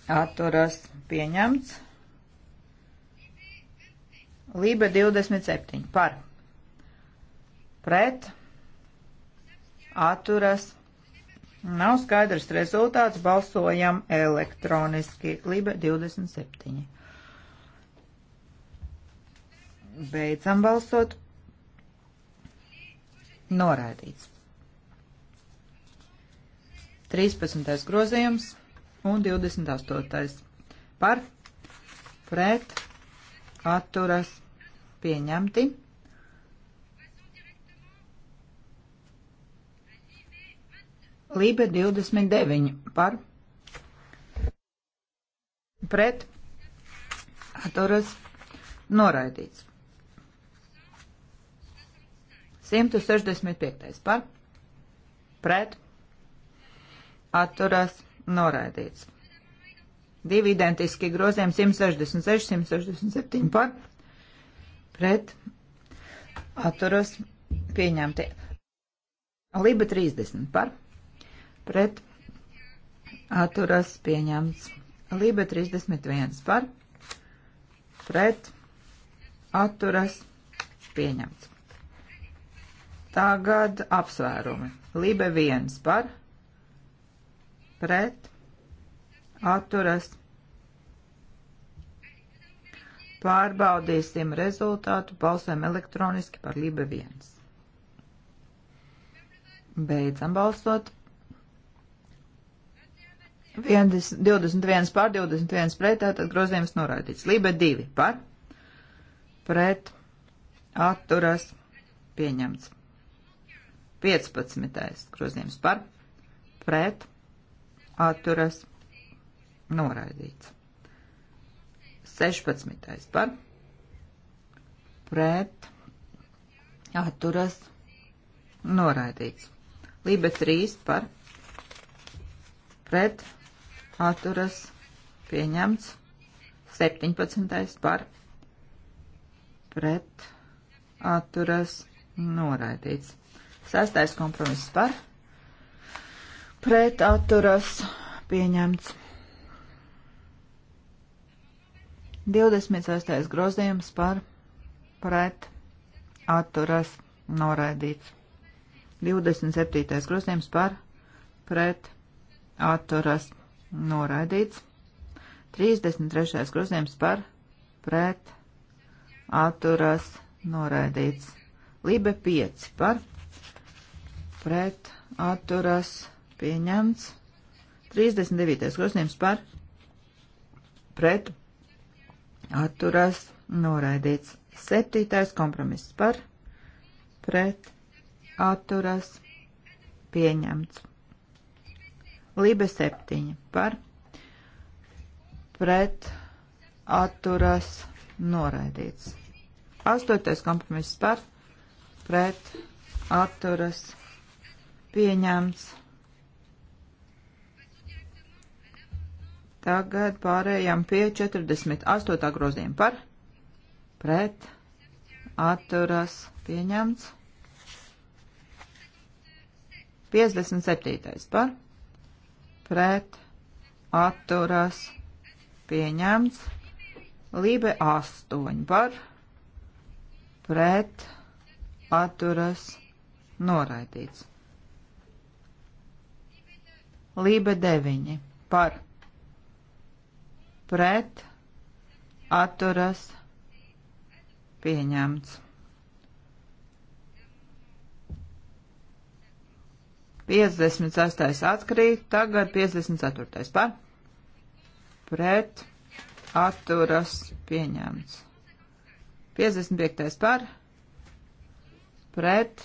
atturas pieņemts. Lība 27 par pret atturas Nav skaidrs rezultāts, balsojam elektroniski. Libe 27. Beidzam balsot. Noraidīts. 13. grozījums un 28. par pret atturas pieņemti. Lībe 29 par pret atturas noraidīts. 165 par pret atturas noraidīts. Divi identiski grozījumi 166, 167 par pret atturas pieņemtie. Liba 30 par pret pret atturas pieņemts. Lība 31 par pret atturas pieņemts. Tagad apsvērumi. Lība 1 par pret atturas pieņemts. Pārbaudīsim rezultātu, balsojam elektroniski par Libe 1. Beidzam balsot. 21 pār 21 pret, tātad grozījums norādīts. Lībe 2 par, pret, atturas, pieņemts. 15. grozījums par, pret, atturas, noraidīts. 16. par, pret, atturas, noraidīts. Lībe 3 par, pret, atturas pieņemts. 17. par pret atturas noraidīts. 6. kompromiss par pret atturas pieņemts. 26. grozījums par pret atturas noraidīts. 27. grozījums par pret atturas noraidīts. 33. grozījums par pret atturas noraidīts. Libe 5 par pret atturas pieņemts. 39. grozījums par pret atturas noraidīts. 7. kompromiss par pret atturas pieņemts. Lībe 7 par pret atturas noraidīts. 8. kompromiss par pret atturas pieņemts. Tagad pārējām pie 48. grozījuma par pret atturas pieņemts. 57. par pret pret atturas pieņemts. Lībe 8 par pret atturas noraidīts. Lībe 9 par pret atturas pieņemts. 56. atkrīt, tagad 54. par pret atturas pieņemts. 55. par pret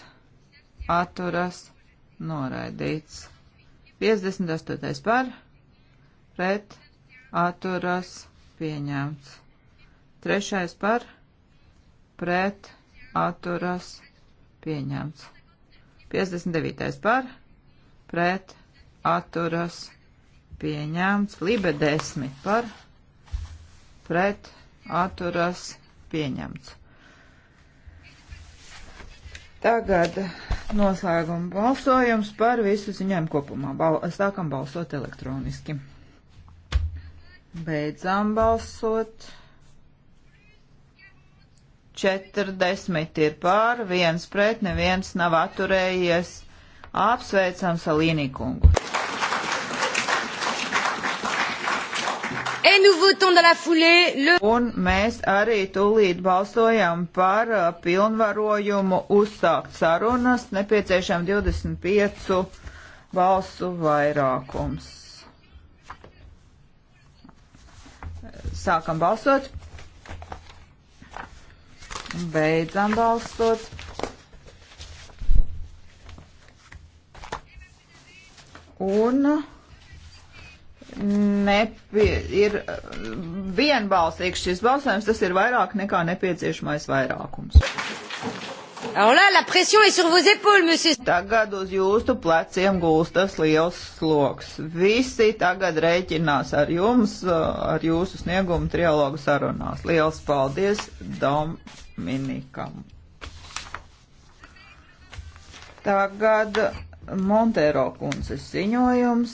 atturas noraidīts. 58. par pret atturas pieņemts. 3. par pret atturas pieņemts. 59. par pret pret atturas pieņemts. Libe 10 par pret atturas pieņemts. Tagad noslēguma balsojums par visu ziņām kopumā. Bal sākam balsot elektroniski. Beidzām balsot. 40 ir pār, viens pret, neviens nav atturējies. Apsveicam Salīnī kungu. Un mēs arī tūlīt balsojam par uh, pilnvarojumu uzsākt sarunas, nepieciešam 25 balsu vairākums. Sākam balsot. Beidzam balsot. un nepie, ir vienbalsīgs šis balsojums, tas ir vairāk nekā nepieciešamais vairākums. Là, la pression est sur vos épaules, monsieur. Tagad uz jūsu pleciem gulstas liels sloks. Visi tagad rēķinās ar jums, ar jūsu sniegumu trialogu sarunās. Liels paldies Dominikam. Tagad Montero kundzes ziņojums.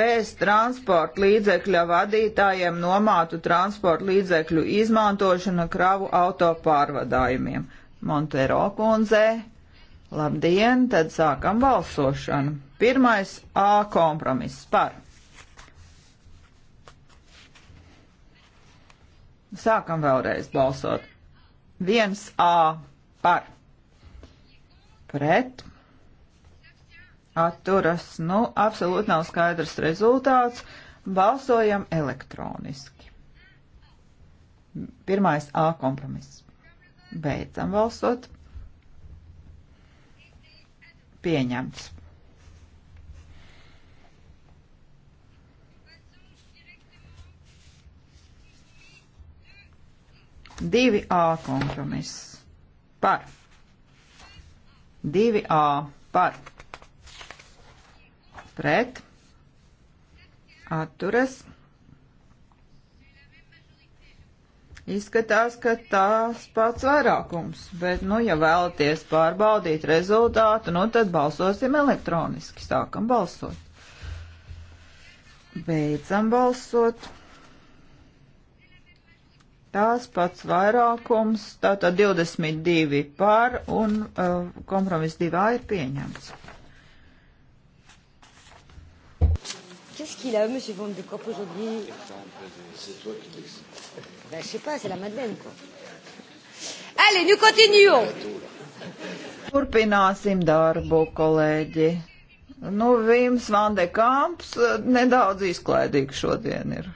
bez transporta līdzekļa vadītājiem nomātu transporta līdzekļu izmantošana kravu auto pārvadājumiem. Montero kundze, labdien, tad sākam balsošanu. Pirmais A kompromiss par. Sākam vēlreiz balsot. 1A par pret atturas. Nu, absolūti nav skaidrs rezultāts. Balsojam elektroniski. Pirmais A kompromiss. Beidzam balsot. Pieņemts. 2A kompromiss par. 2A par. Pret. Atturas. Izskatās, ka tās pats vairākums, bet, nu, ja vēlaties pārbaudīt rezultātu, nu, tad balsosim elektroniski. Sākam balsot. Beidzam balsot. Tās pats vairākums, tātad 22 par un uh, kompromiss 2A ir pieņemts. Qu'est-ce qu'il a, monsieur Van de Kopp, aujourd'hui C'est toi qui décides. Ben, je sais pas, c'est la Madeleine, quoi. Allez, nous continuons. Turpināsim darbu, kolēģi. Nu, Vims Van de Kamps uh, nedaudz izklaidīgs šodien ir.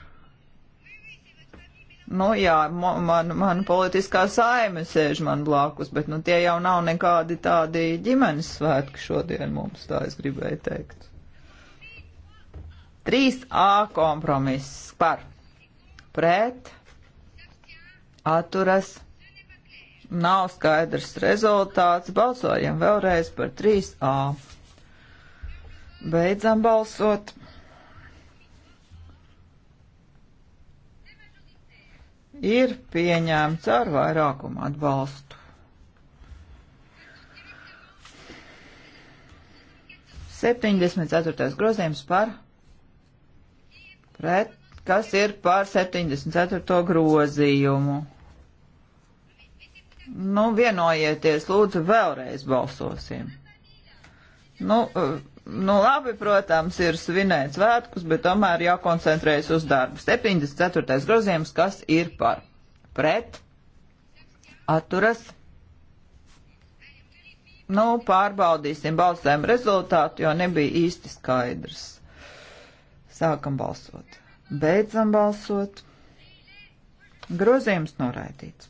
Nu jā, man, man politiskā saime sēž man blakus, bet nu tie jau nav nekādi tādi ģimenes svētki šodien mums, tā es gribēju teikt. 3A kompromiss par pret atturas nav skaidrs rezultāts. Balsojam vēlreiz par 3A. Beidzam balsot. ir pieņēmts ar vairākumu atbalstu. Septiņdesmit ceturtais grozījums par pret, kas ir par 74. grozījumu. Nu, vienojieties, lūdzu, vēlreiz balsosim. Nu, uh, nu labi, protams, ir svinēt svētkus, bet tomēr jākoncentrējas uz darbu. 74. grozījums, kas ir par pret, atturas. Nu, pārbaudīsim balsēm rezultātu, jo nebija īsti skaidrs. Sākam balsot. Beidzam balsot. Grozījums noraidīts.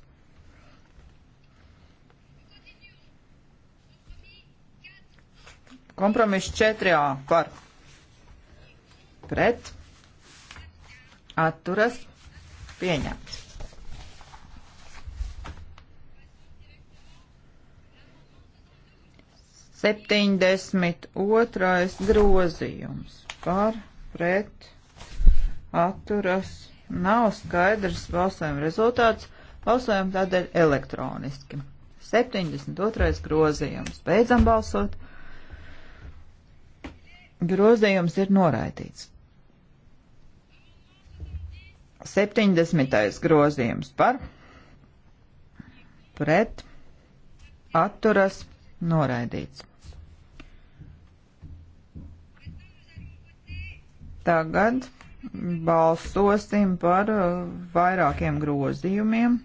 Kompromiss 4A par pret atturas pieņemts. Septiņdesmit otrais grozījums par pret atturas nav skaidrs balsojuma rezultāts, balsojam tādēļ elektroniski. 72. grozījums. Beidzam balsot. Grozījums ir noraidīts. 70. grozījums par pret atturas noraidīts. Tagad balsosim par uh, vairākiem grozījumiem.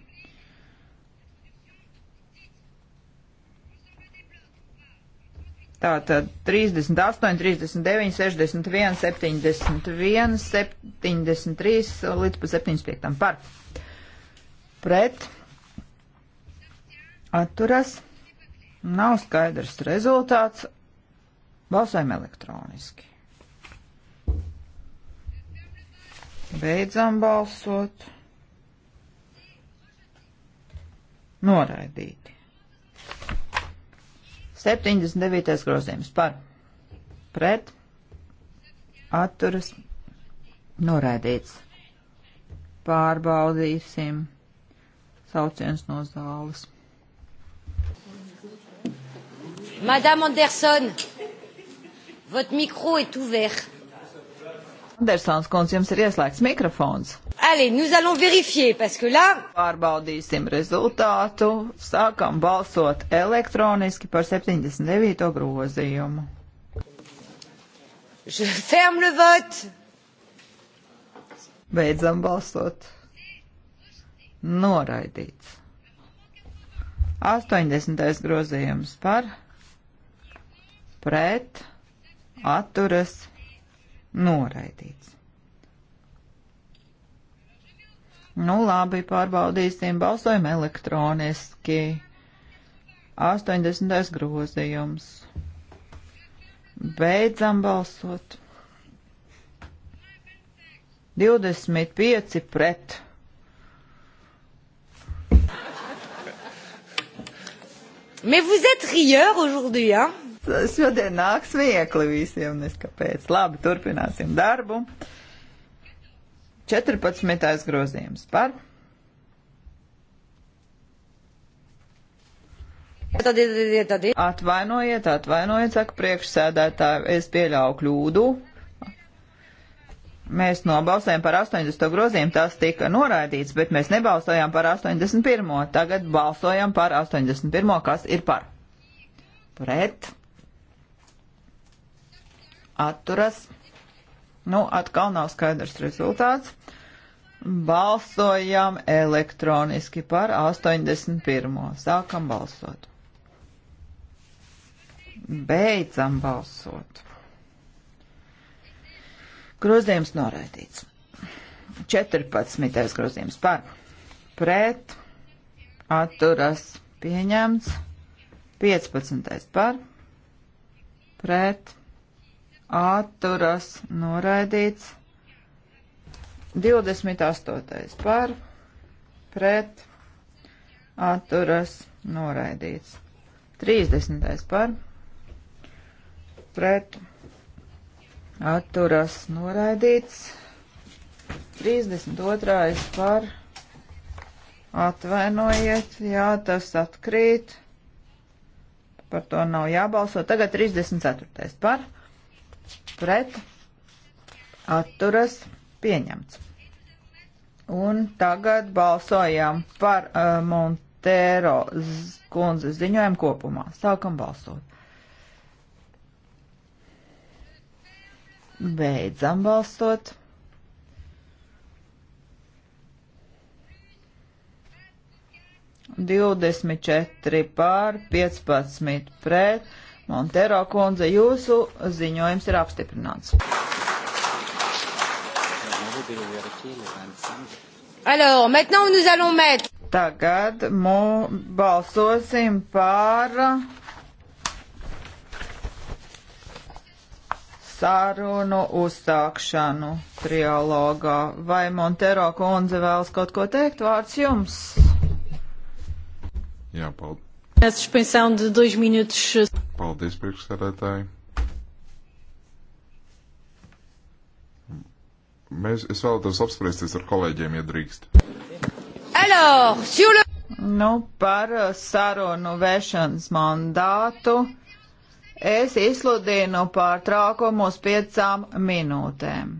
Tātad 38, 39, 61, 71, 73 līdz pat 75 par. Pret atturas nav skaidrs rezultāts. Balsojam elektroniski. Beidzam balsot. Noraidīti. 79. grozījums par pret atturas noraidīts. Pārbaudīsim sauciens no zāles. Madame Anderson, votre micro est ouvert. Andersons kundze, jums ir ieslēgts mikrofons. Allez, nous allons vérifier, parce que là... Pārbaudīsim rezultātu. Sākam balsot elektroniski par 79. grozījumu. Je ferme le vote. Beidzam balsot. Noraidīts. 80. grozījums par, pret, atturas, noraidīts. Nu, labi, pārbaudīsim, balsojam elektroniski. 80. grozījums. Beidzam balsot. 25 pret. Mais vous êtes rieur aujourd'hui, hein? Šodien nāks viegli visiem, neskapēc. Labi, turpināsim darbu. 14. grozījums par. Atvainojiet, atvainojiet, saka priekšsēdētāji, es pieļauju kļūdu. Mēs nobalsojam par 80. grozījumu, tas tika noraidīts, bet mēs nebalsojām par 81. Tagad balsojam par 81. kas ir par. Pret atturas. Nu, atkal nav skaidrs rezultāts. Balsojam elektroniski par 81. Sākam balsot. Beidzam balsot. Grozījums noraidīts. 14. grozījums par pret atturas pieņemts. 15. par pret atturas noraidīts. 28. par pret atturas noraidīts. 30. par pret atturas noraidīts. 32. par atvainojiet, jā, tas atkrīt. Par to nav jābalso. Tagad 34. par pret pret, atturas, pieņemts. Un tagad balsojam par uh, Montero kundzes ziņojumu kopumā. Sākam balsot. Beidzam balsot. Divdesmit četri pār, piecpadsmit pret. Montero kundze, jūsu ziņojums ir apstiprināts. Alors, maintenant nous allons mettre. Tagad mu balsosim par sarunu uzsākšanu trialogā. Vai Montero kundze vēlas kaut ko teikt? Vārds jums. Jā, paldies. Paldies, priekšsēdētāji. Mēs, es vēlētos apspriesties ar kolēģiem, ja drīkst. Nu, par uh, sarunu vēršanas mandātu es izsludinu pārtraukumu uz piecām minūtēm.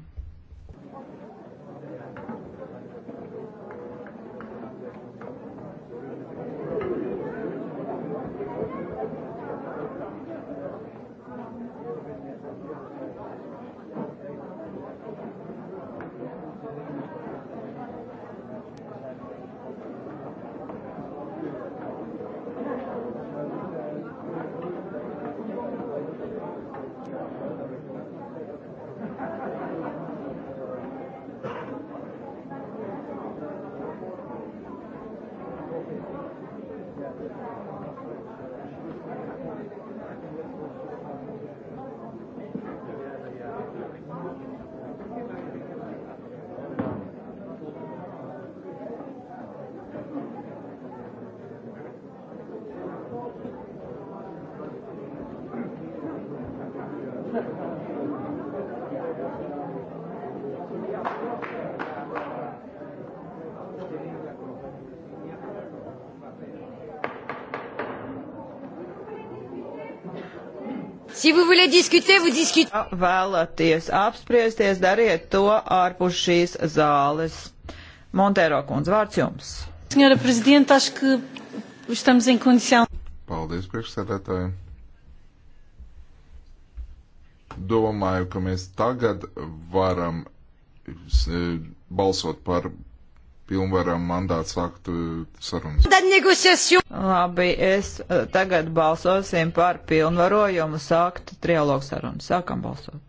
voulez discuter, vous discutez. Ja vēlaties apspriesties, dariet to ārpus šīs zāles. Montēro kundze, vārds jums. Senhora Presidente, acho que estamos em condição. Paldies, priekšsēdētāji. Domāju, ka mēs tagad varam eh, balsot par pilnvarām mandāts sākt eh, sarunas. Labi, es eh, tagad balsosim par pilnvarojumu sākt trialogu sarunu. Sākam balsot.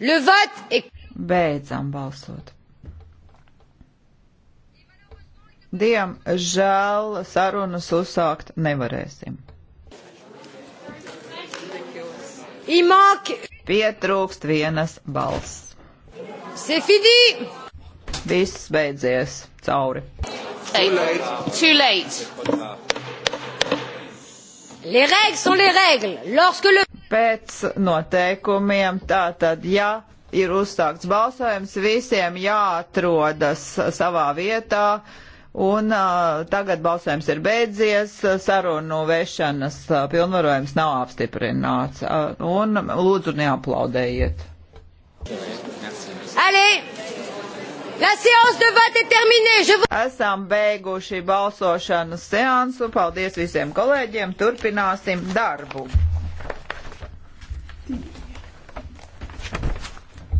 Le vote est... Beidzam balsot. Diemžēl sarunas uzsākt nevarēsim. Pietrūkst vienas balss. Sefidī! Viss beidzies cauri. Too late. Too late. Les règles sont les règles. Lorsque le... Pēc noteikumiem tātad, ja ir uzsākts balsojums, visiem jāatrodas savā vietā. Un uh, tagad balsojums ir beidzies, sarunu vešanas uh, pilnvarojums nav apstiprināts. Uh, un lūdzu neaplaudējiet. Allez! La séance de vote est terminée. Je... Esam beiguši balsošanas seansu. Paldies visiem kolēģiem. Turpināsim darbu.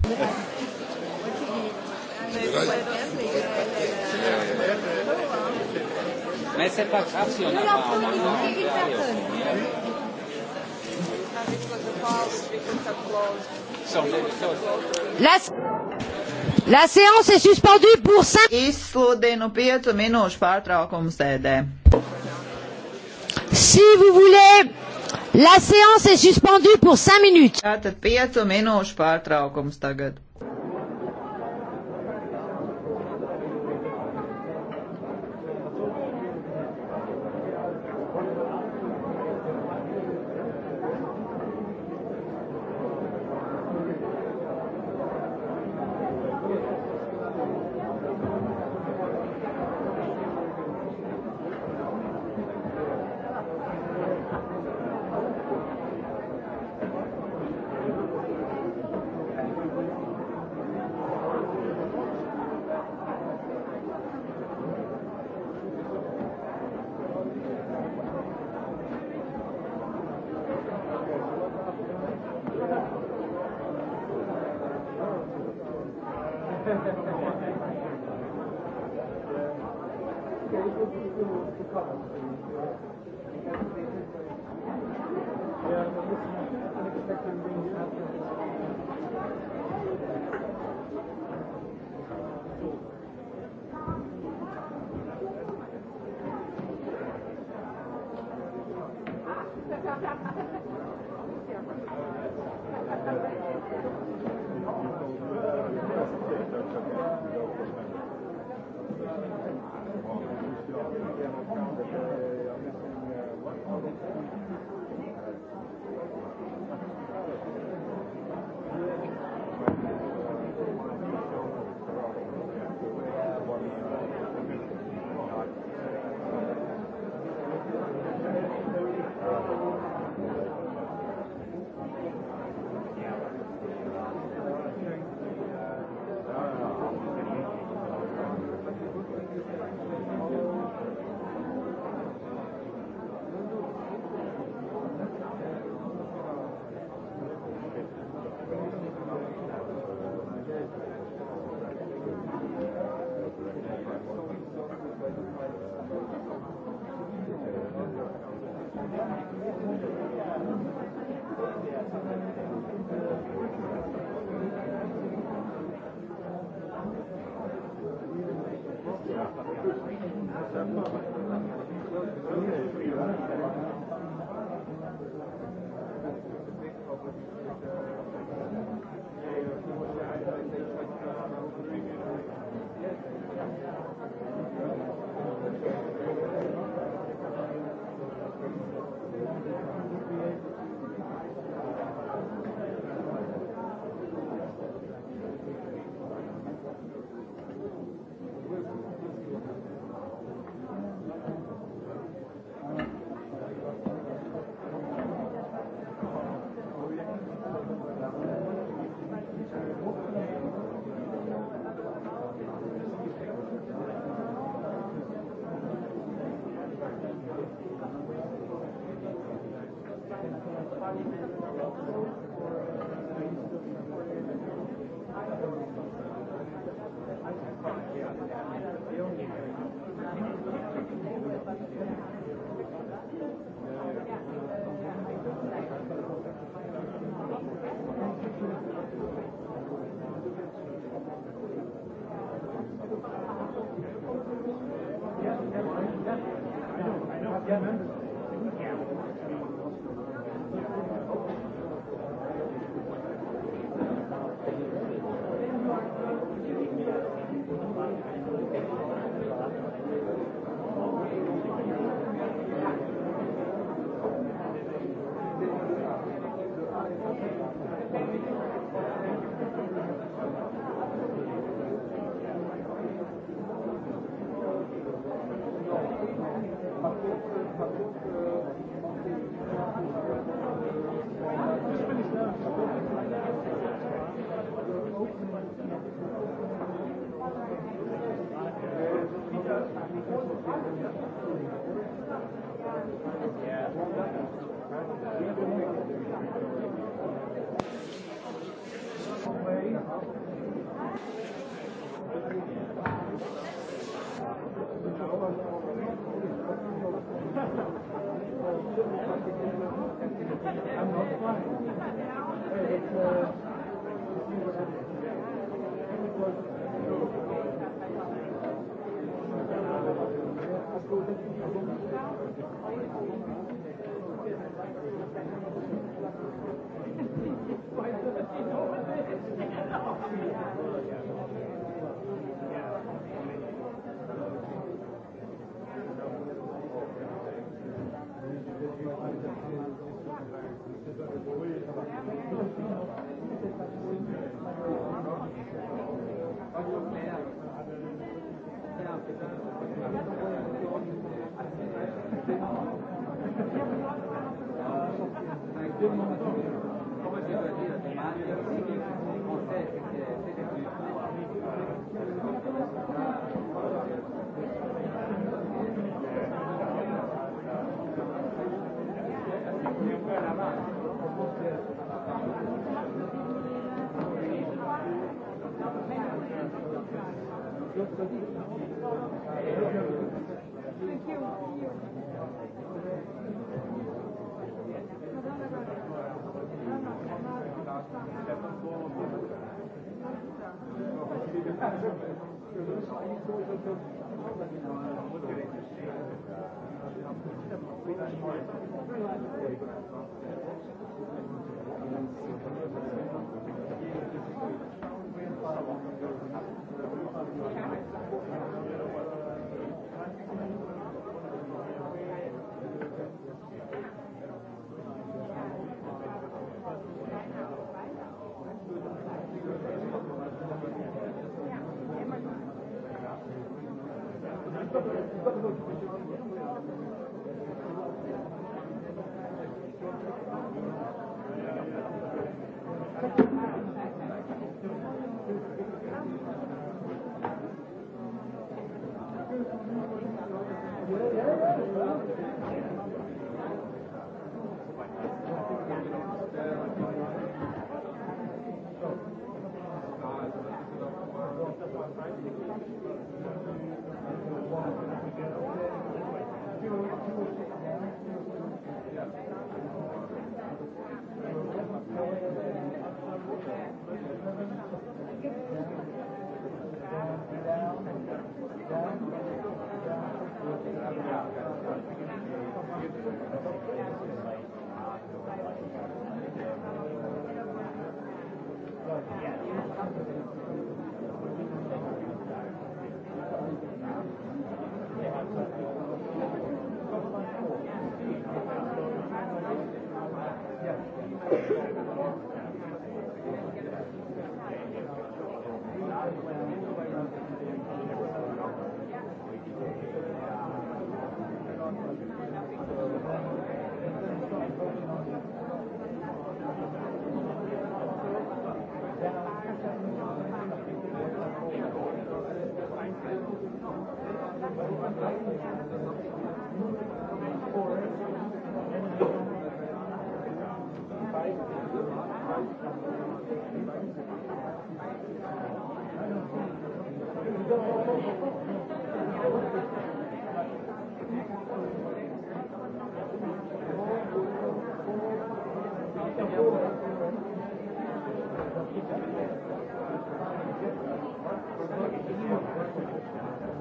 Gracias. (laughs) Mais c'est pas grave si on n'a pas un moment de aller au premier. La, la séance est suspendue pour 5 Izsludinu 5 minūšu pārtraukumu sēdē. Si vous voulez, la séance est suspendue pour 5 minutes. Tātad 5 minūšu pārtraukums tagad.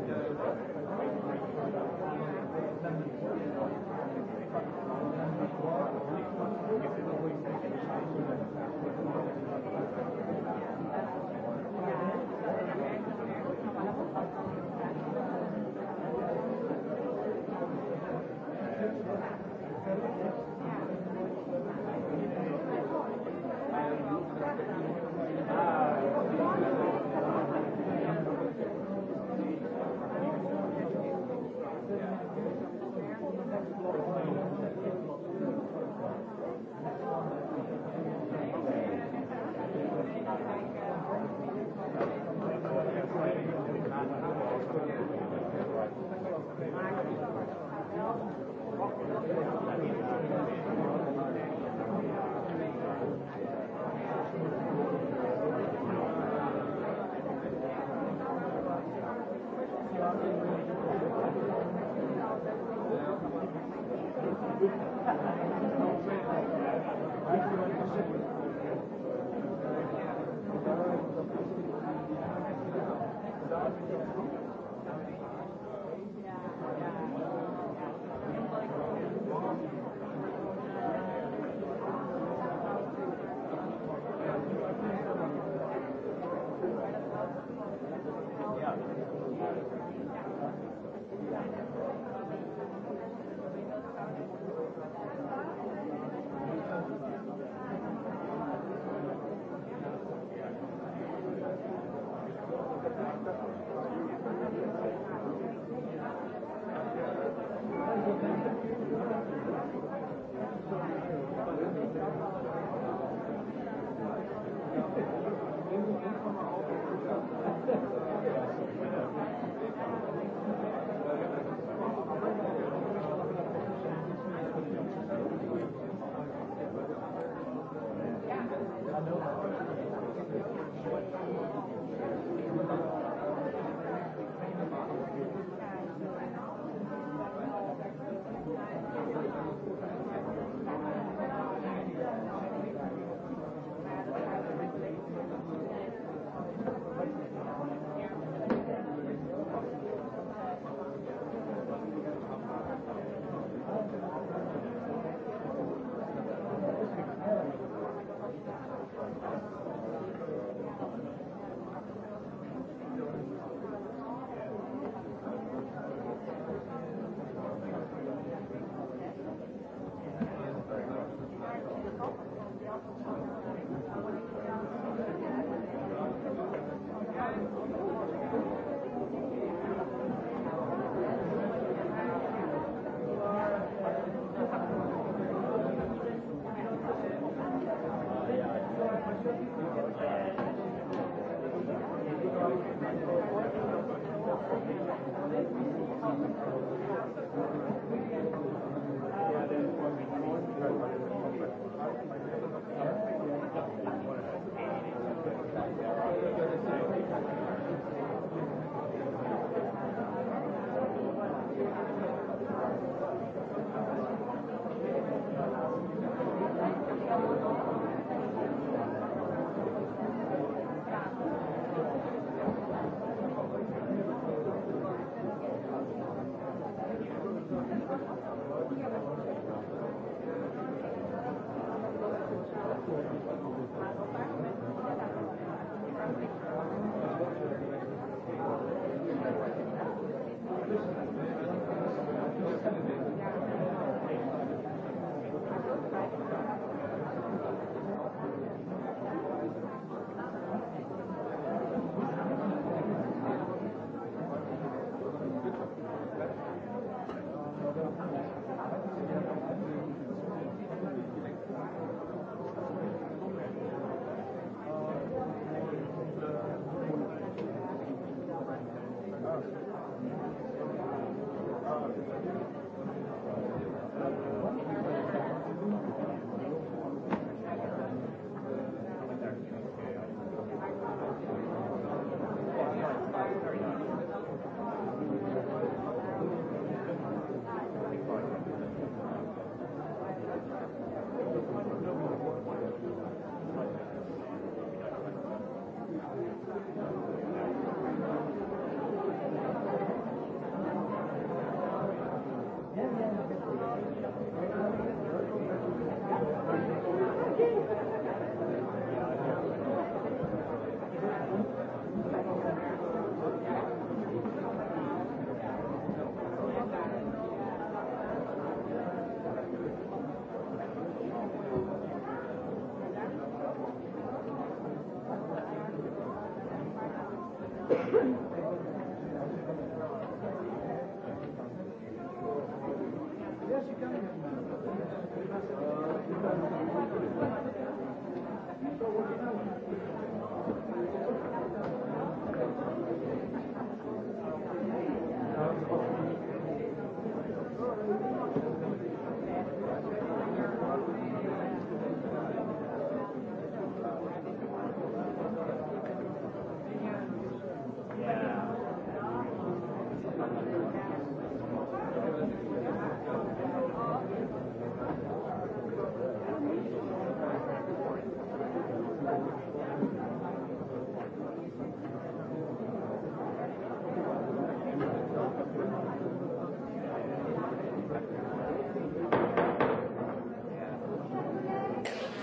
Ja,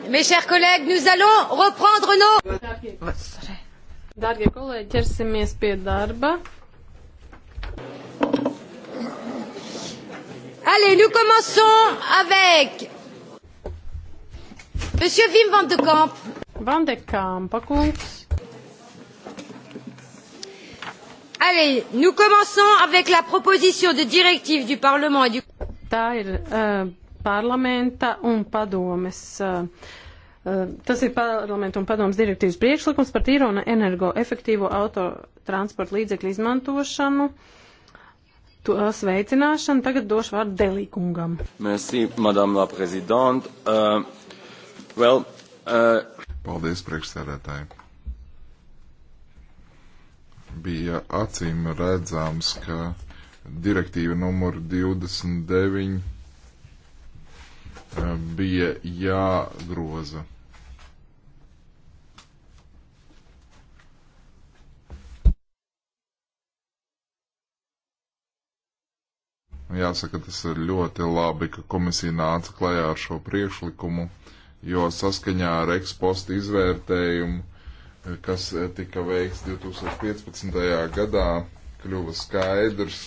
Mes chers collègues, nous allons reprendre nos. Darbie kolēģi, ķersimies pie darba. Allez, nous commençons avec Monsieur Wim van de Kamp. Van de Kamp, kungs. Allez, nous commençons avec la proposition de directive du Parlement et du. Tā ir, uh parlamenta un padomes. Eh, eh, tas ir parlamenta un padomes direktīvas priekšlikums par tīro un energoefektīvo autotransporta līdzekļu izmantošanu. To eh, sveicināšanu tagad došu vārdu Delīkungam. Merci, madame la prezidente. Uh, well, uh... Paldies, priekšsēdētāji bija acīm redzams, ka direktīva numur 29 bija jāgroza. Jāsaka, tas ir ļoti labi, ka komisija nāca klajā ar šo priekšlikumu, jo saskaņā ar ekspostu izvērtējumu, kas tika veikts 2015. gadā, kļuva skaidrs,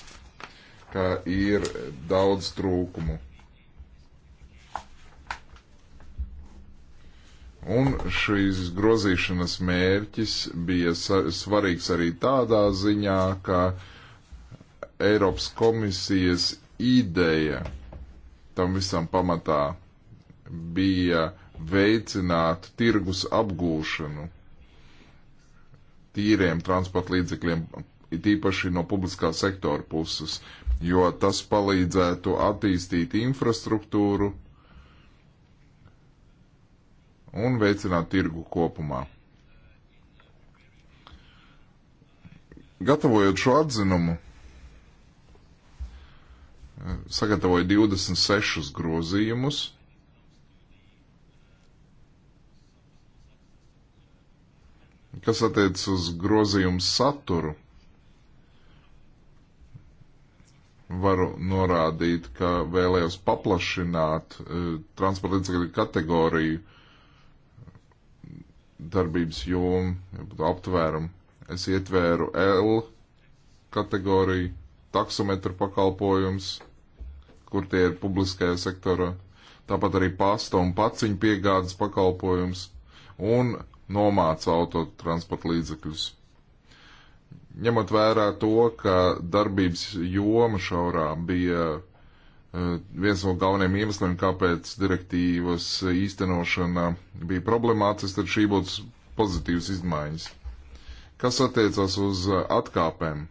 ka ir daudz trūkumu. Un šīs grozīšanas mērķis bija svarīgs arī tādā ziņā, ka Eiropas komisijas ideja tam visam pamatā bija veicināt tirgus apgūšanu tīriem transporta līdzekļiem, it īpaši no publiskā sektora puses, jo tas palīdzētu attīstīt infrastruktūru, un veicināt tirgu kopumā. Gatavojot šo atzinumu, sagatavoju 26 grozījumus. Kas attiecas uz grozījumu saturu, varu norādīt, ka vēlējos paplašināt uh, transporta līdzekļu kategoriju uh, darbības jomu, aptvērumu. Es ietvēru L kategoriju, taksometru pakalpojums, kur tie ir publiskajā sektorā, tāpat arī pasta un paciņu piegādes pakalpojums un nomāca autotransporta līdzekļus. Ņemot vērā to, ka darbības joma šaurā bija Eh, viens no galvenajiem iemesliem, kāpēc direktīvas īstenošana bija problemātiska, tad šī būtu pozitīvas izmaiņas. Kas attiecas uz eh, atkāpēm?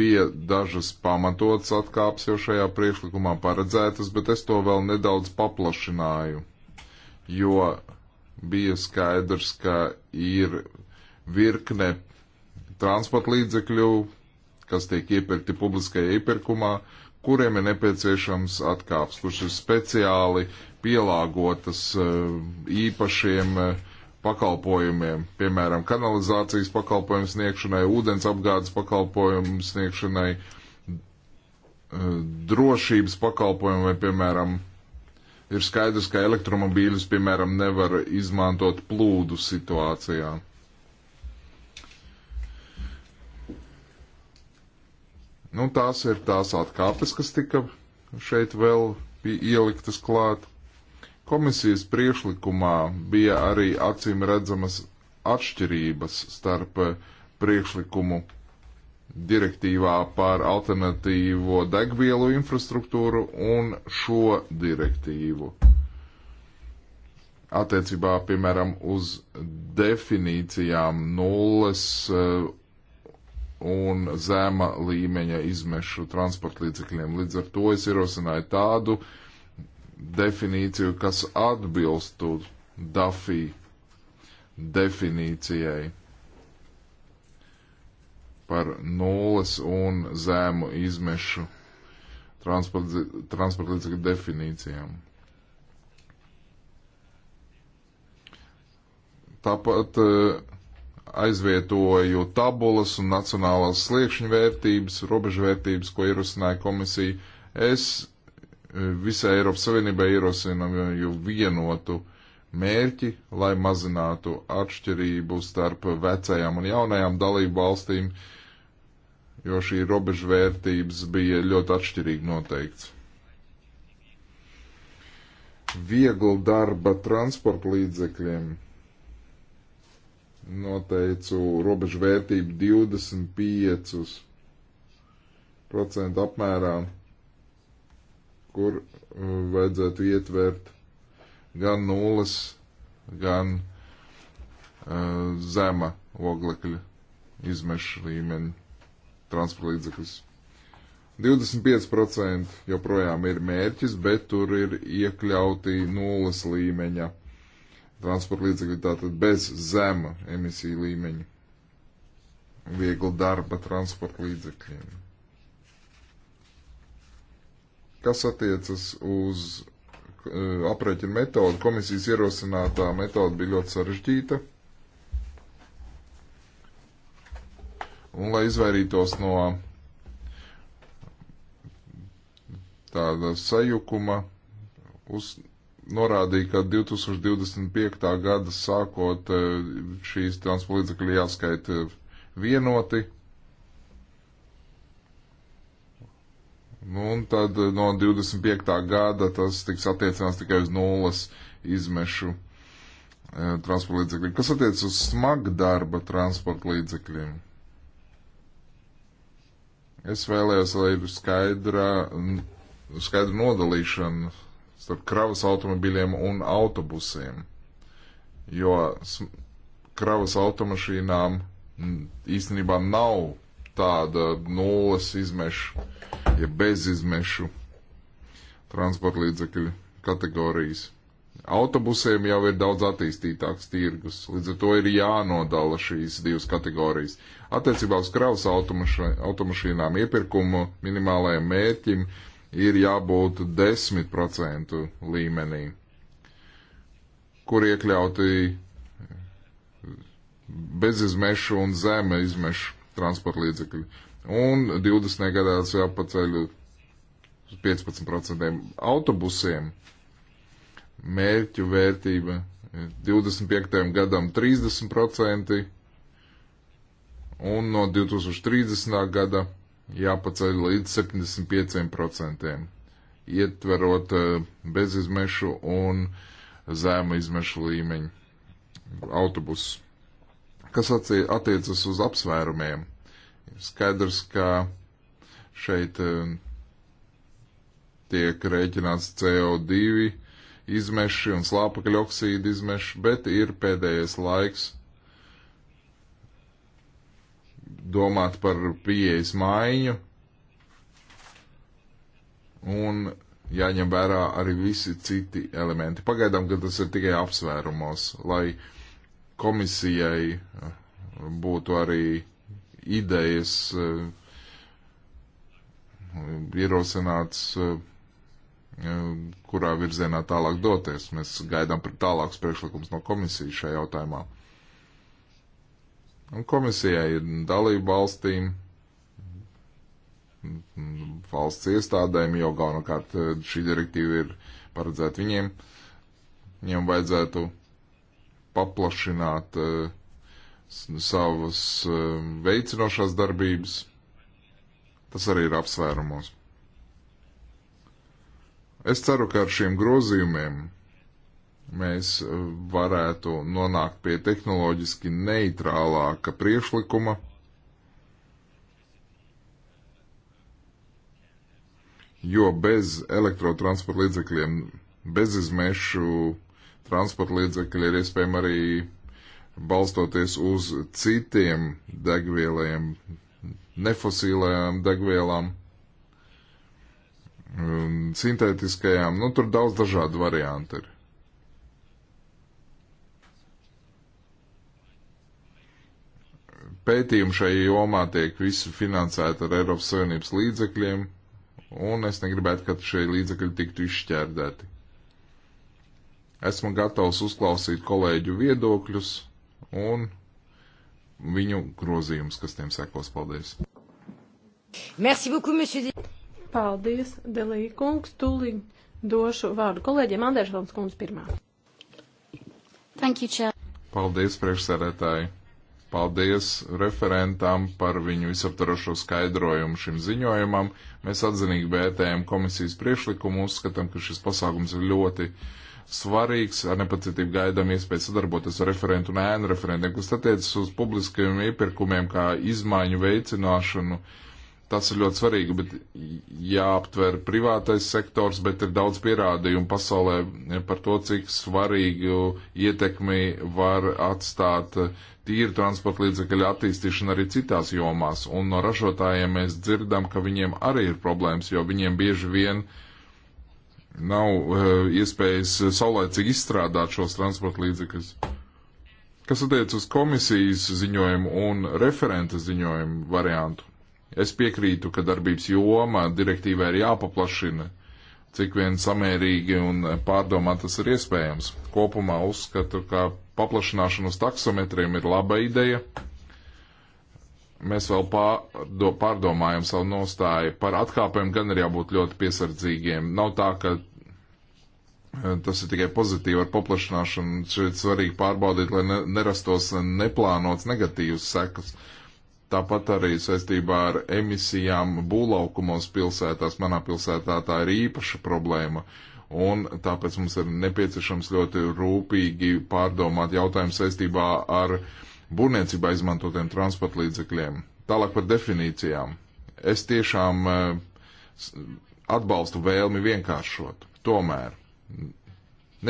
Bija dažas pamatotas atkāpes jau šajā priekšlikumā paredzētas, bet es to vēl nedaudz paplašināju, jo bija skaidrs, ka ir virkne transporta līdzekļu, kas tiek iepirkti publiskajā iepirkumā, uh, kuriem ir nepieciešams atkāps, kurš ir speciāli pielāgotas eh, īpašiem eh, pakalpojumiem, piemēram, kanalizācijas pakalpojumu sniegšanai, ūdens apgādes pakalpojumu sniegšanai, eh, drošības pakalpojumiem, piemēram, ir skaidrs, ka elektromobīļus, piemēram, nevar izmantot plūdu situācijā. Nu, tās ir tās atkāpes, kas tika šeit vēl ieliktas klāt. Komisijas priekšlikumā bija arī acīm redzamas atšķirības starp eh, priekšlikumu direktīvā par alternatīvo degvielu infrastruktūru un šo direktīvu. Attiecībā, piemēram, uz definīcijām nulles eh, un zema līmeņa izmešu transporta līdzekļiem. Līdz ar to es ierosināju tādu definīciju, kas atbilstu DAFI definīcijai par nulles un zēmu izmešu transporta, transporta līdzekļu definīcijām. Tāpat uh, aizvietoju tabulas un nacionālās sliekšņu vērtības, robežvērtības, ko ierosināja komisija. Es e, visai Eiropas Savienībai ierosināju e, vienotu mērķi, lai mazinātu atšķirību starp vecajām un jaunajām dalību valstīm, jo šī robežvērtības bija ļoti atšķirīgi noteikts. Viegla darba transporta līdzekļiem noteicu robežu vērtību 25% apmērā, kur uh, vajadzētu ietvert gan nulles, gan uh, zema oglekļa izmešu līmeņa transporta līdzeklis. 25% joprojām ir mērķis, bet tur ir iekļauti nulles līmeņa uh, transporta līdzekļi tātad bez zema emisiju līmeņa, viegla darba transporta līdzekļiem. Kas attiecas uz e, aprēķinu metodu, komisijas ierosinātā metoda bija ļoti sarežģīta. Un, lai izvairītos no tāda sajukuma, uz, norādīja, ka 2025. gada sākot e, šīs transporta līdzekļi jāskaita e, vienoti. Nu, un tad e, no 25. gada tas tiks attiecināts tikai uz nulles izmešu transporta līdzekļiem. Kas attiec uz smagdarba transporta līdzekļiem? Es vēlējos, lai ir skaidra, skaidra nodalīšana starp kravas automobiļiem un autobusiem, jo kravas automašīnām īstenībā nav tāda nulles izmešu, ja bezizmešu transporta līdzekļu kategorijas. Autobusiem jau ir daudz attīstītāks tirgus, līdz ar to ir jānodala šīs divas kategorijas. Attiecībā uz kravas automašīnām iepirkumu minimālajiem mērķim uh, ir jābūt 10% līmenī, kur iekļauti bezizmešu un zeme izmešu transporta līdzekļi. Un 20. gadās jāpaceļ uz 15% autobusiem. Mērķu vērtība 25. gadam 30% un no 2030. gada jāpaceļ līdz 75%, ietverot eh, bezizmešu un zēmu izmešu līmeņu autobusus. Kas attiecas uz apsvērumiem? Skaidrs, ka šeit eh, tiek rēķināts CO2 izmeši un slāpakaļoksīdu izmeši, bet ir pēdējais laiks domāt par pieejas maiņu un jāņem vērā arī visi citi elementi. Pagaidām, ka tas ir tikai apsvērumos, lai komisijai eh, būtu arī idejas eh, ierosināts, eh, kurā virzienā tālāk doties. Mēs gaidām tālākus priekšlikumus no komisijas šajā jautājumā. Un komisijai ir dalību valstīm, valsts iestādēm, jo galvenokārt eh, šī direktīva ir paredzēta viņiem. Viņiem vajadzētu paplašināt uh, savas uh, veicinošās darbības. Tas arī ir apsvērumos. Es ceru, ka ar šiem grozījumiem mēs eh, varētu nonākt pie tehnoloģiski neitrālāka priekšlikuma. Jo bez elektrotransporta līdzekļiem, bez izmešu transporta līdzekļi ir iespējami arī balstoties uz citiem degvieliem, nefosīlējām degvielām, sintētiskajām. Nu, tur daudz dažādu variantu ir. pētījumi šai jomā tiek visi finansēti ar Eiropas Savienības līdzekļiem, un es negribētu, ka šie līdzekļi tiktu izšķērdēti. Esmu gatavs uzklausīt kolēģu viedokļus un viņu grozījumus, kas tiem sekos. Paldies! Merci beaucoup, monsieur. Paldies, Delī kungs. Tūlīt došu vārdu kolēģiem Andersons kungs pirmā. Thank you, chair. Paldies, priekšsēdētāji. Paldies referentam par viņu visaptarošo skaidrojumu šim ziņojumam. Mēs atzinīgi vērtējam komisijas priekšlikumu, uzskatām, ka šis pasākums ir ļoti svarīgs, ar nepacietību gaidām iespēju sadarboties ar referentu un ēnu referentiem, kas attiecas uz publiskajiem iepirkumiem kā izmaiņu veicināšanu. Uh, tas ir ļoti svarīgi, bet jāaptver privātais sektors, bet ir daudz pierādījumu pasaulē par to, cik svarīgu ietekmi var atstāt tīri transporta līdzekļu attīstīšana arī citās jomās. Un no ražotājiem mēs dzirdam, ka viņiem arī ir problēmas, jo viņiem bieži vien nav uh, iespējas saulēcīgi izstrādāt šos transporta līdzekļus. Kas attiec uz komisijas ziņojumu un referenta ziņojumu variantu? Es piekrītu, ka darbības joma direktīvā ir jāpaplašina, cik vien samērīgi un pārdomā tas ir iespējams. Kopumā uzskatu, ka paplašināšana uz taksometriem ir laba ideja. Mēs vēl pārdo, pārdomājam savu nostāju. Par atkāpēm gan ir jābūt ļoti piesardzīgiem. Nav tā, ka eh, Tas ir tikai pozitīvi ar paplašināšanu. Šeit svarīgi pārbaudīt, lai nerastos neplānots negatīvs sekas. Uh, Tāpat arī saistībā ar emisijām būlaukumos pilsētās, manā pilsētā tā ir īpaša problēma. Un tāpēc mums ir nepieciešams ļoti rūpīgi pārdomāt jautājumu saistībā ar būvniecībā izmantotiem transporta līdzekļiem. Tālāk par definīcijām. Es tiešām eh, atbalstu vēlmi vienkāršot. Tomēr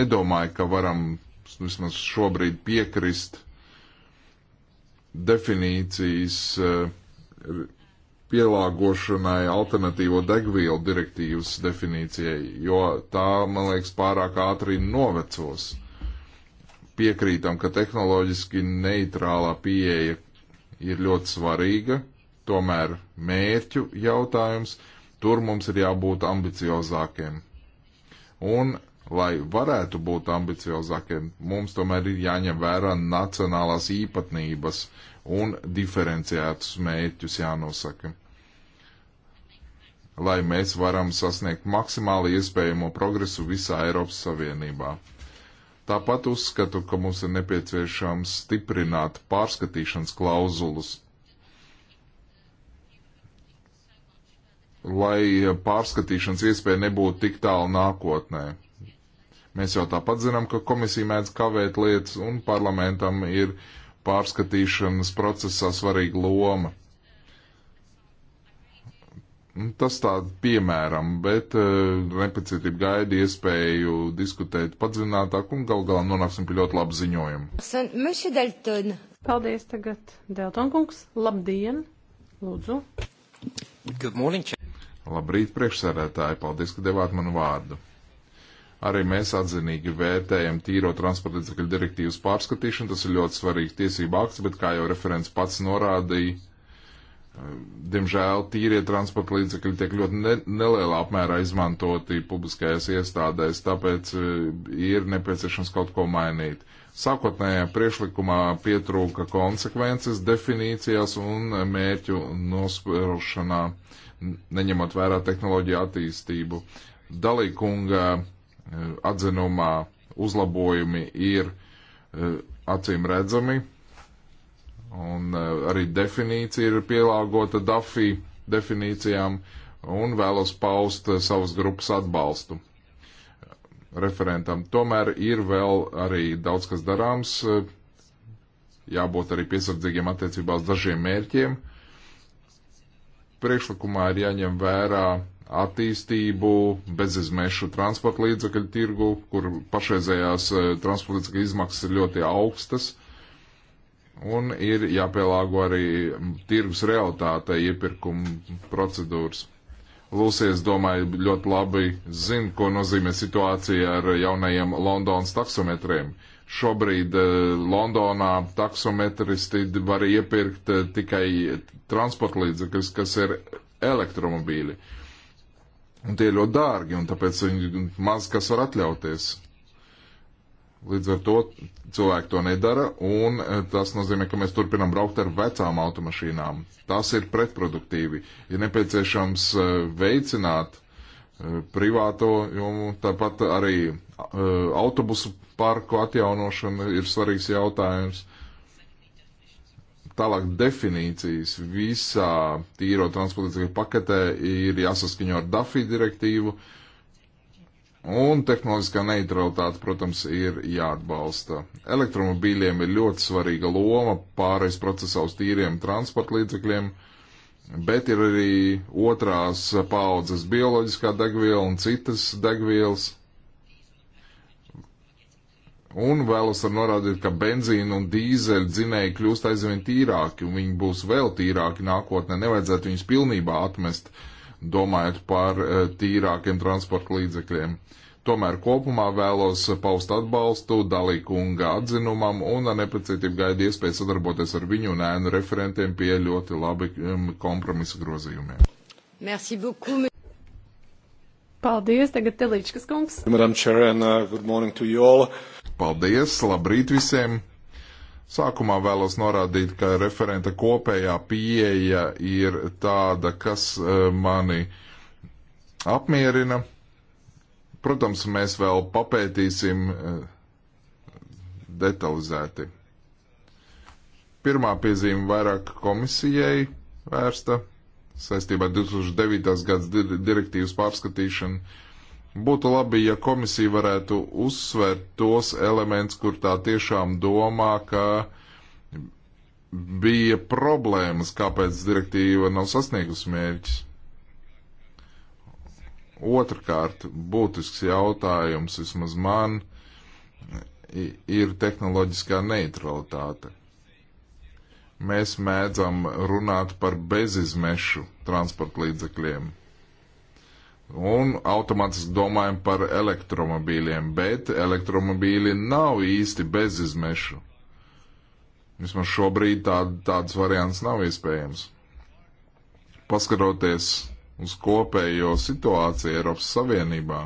nedomāju, ka varam vismaz šobrīd piekrist definīcijas eh, pielāgošanai alternatīvo degvielu direktīvas definīcijai, jo tā, man liekas, pārāk ātri novecos. Piekrītam, ka tehnoloģiski neitrālā pieeja ir ļoti svarīga, tomēr mērķu jautājums, tur mums ir jābūt ambiciozākiem. Un lai varētu būt ambiciozākiem, mums tomēr ir jāņem vērā nacionālās īpatnības un diferenciētus mērķus jānosaka. Lai mēs varam sasniegt maksimāli iespējamo progresu visā Eiropas Savienībā. Tāpat uzskatu, ka mums ir nepieciešams stiprināt pārskatīšanas klauzulus, lai pārskatīšanas iespēja nebūtu tik tālu nākotnē Mēs jau tāpat zinām, ka komisija mēdz kavēt lietas un parlamentam ir pārskatīšanas procesā svarīga loma. Nu, tas tāds piemēram, bet eh, nepacietība gaida iespēju diskutēt padziļinātāk un gal galā nonāksim pie ļoti labu ziņojumu. Paldies tagad, Deltonkungs. Labdien, lūdzu. Good morning. Labrīt, priekšsēdētāji. Paldies, ka devāt manu vārdu. Arī mēs atzinīgi vērtējam tīro transporta līdzekļu direktīvas pārskatīšanu. Tas ir ļoti svarīgs tiesība akts, bet, kā jau referents pats norādīja, eh, diemžēl tīrie transporta līdzekļi tiek ļoti ne, nelielā apmērā izmantoti publiskajās iestādēs, tāpēc eh, ir nepieciešams kaut ko mainīt. Sākotnējā priešlikumā pietrūka konsekvences definīcijās un mērķu nospērošanā, neņemot vērā tehnoloģiju attīstību. Dalīkunga Eh, atzinumā uzlabojumi ir eh, acīm redzami, un eh, arī definīcija ir pielāgota DAFI definīcijām, un vēlos paust savas grupas atbalstu referentam. Tomēr ir vēl arī daudz kas darāms, jābūt arī piesardzīgiem attiecībā uz dažiem mērķiem. Priekšlikumā ir jāņem vērā attīstību bezizmešu transporta līdzakļu tirgu, kur pašreizējās eh, transporta līdzakļu izmaksas ir ļoti augstas. Un ir jāpielāgo arī tirgus realitātei iepirkuma procedūras. Lūsies, domāju, ļoti labi zina, ko nozīmē situācija ar jaunajiem Londonas taksometriem. Šobrīd eh, Londonā taksometristi var iepirkt eh, tikai transporta līdzekļus, kas ir elektromobīļi. Uh, Un tie ir ļoti dārgi, un tāpēc viņi maz kas var atļauties. Līdz ar to cilvēki to nedara, un e, tas nozīmē, ka mēs turpinām braukt ar vecām automašīnām. Tas ir pretproduktīvi. Ir ja nepieciešams e, veicināt e, privāto, jo tāpat arī autobusu parku atjaunošana ir svarīgs jautājums. Tālāk definīcijas visā tīro transportlīdzekļu paketē ir jāsaskaņo ar DAFI direktīvu. Un tehnoloģiskā neutralitāte, protams, ir jāatbalsta. Elektromobīļiem ir ļoti svarīga loma pārējais procesā uz tīriem transportlīdzekļiem, bet ir arī otrās paudzes bioloģiskā degviela un citas degvielas Un vēlos ar norādīt, ka benzīna un dīzeļa dzinēji kļūst aizvien tīrāki, un viņi būs vēl tīrāki nākotnē. Nevajadzētu viņus pilnībā atmest, domājot par e, tīrākiem transporta līdzekļiem. Tomēr kopumā vēlos paust atbalstu dalīkunga atzinumam un ar nepacietību gaidu iespēju sadarboties ar viņu un ēnu referentiem pie ļoti labi kompromisa grozījumiem. Merci beaucoup. Paldies, tagad Telīčkas kungs. Madam Chair, and uh, good morning to you all. Uh, Paldies, labrīt visiem! Sākumā vēlos norādīt, ka referenta kopējā pieeja ir tāda, kas eh, mani apmierina. Protams, mēs vēl papētīsim eh, detalizēti. Pirmā piezīme vairāk komisijai vērsta saistībā ar 2009. gadas direktīvas pārskatīšanu Būtu labi, ja komisija varētu uzsvērt tos elementus, kur tā tiešām domā, ka bija problēmas, kāpēc direktīva nav sasniegusi mērķis. Otrakārt, būtisks jautājums vismaz man ir tehnoloģiskā neutralitāte. Mēs mēdzam runāt par bezizmešu transporta līdzekļiem un automātiski domājam par elektromobīļiem, bet elektromobīļi nav īsti bezizmešu. Vismaz šobrīd tā, tāds variants nav iespējams. Paskaroties uz kopējo situāciju Eiropas Savienībā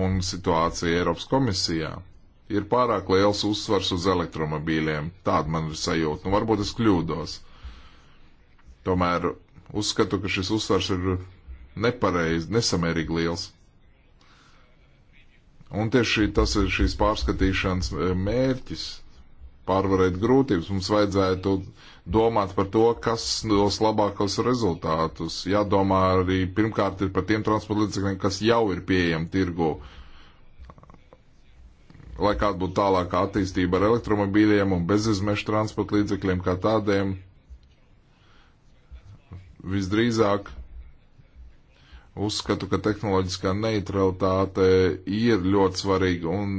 un situāciju Eiropas komisijā, ir pārāk liels uzsvars uz elektromobīļiem. Tāda man ir sajūta. Nu, varbūt es kļūdos. Tomēr uzskatu, ka šis uzsvars ir nepareizi, nesamērīgi liels. Un tieši tas ir šīs pārskatīšanas e, mērķis - pārvarēt grūtības. Mums vajadzētu domāt par to, kas dos labākos rezultātus. Jādomā arī pirmkārt ir par tiem transporta līdzekļiem, kas jau ir pieejami tirgu. Lai kāda būtu tālākā attīstība ar elektromobīļiem un bezizmešu transporta līdzekļiem kā tādiem, visdrīzāk uzskatu, ka tehnoloģiskā neutralitāte ir ļoti svarīga un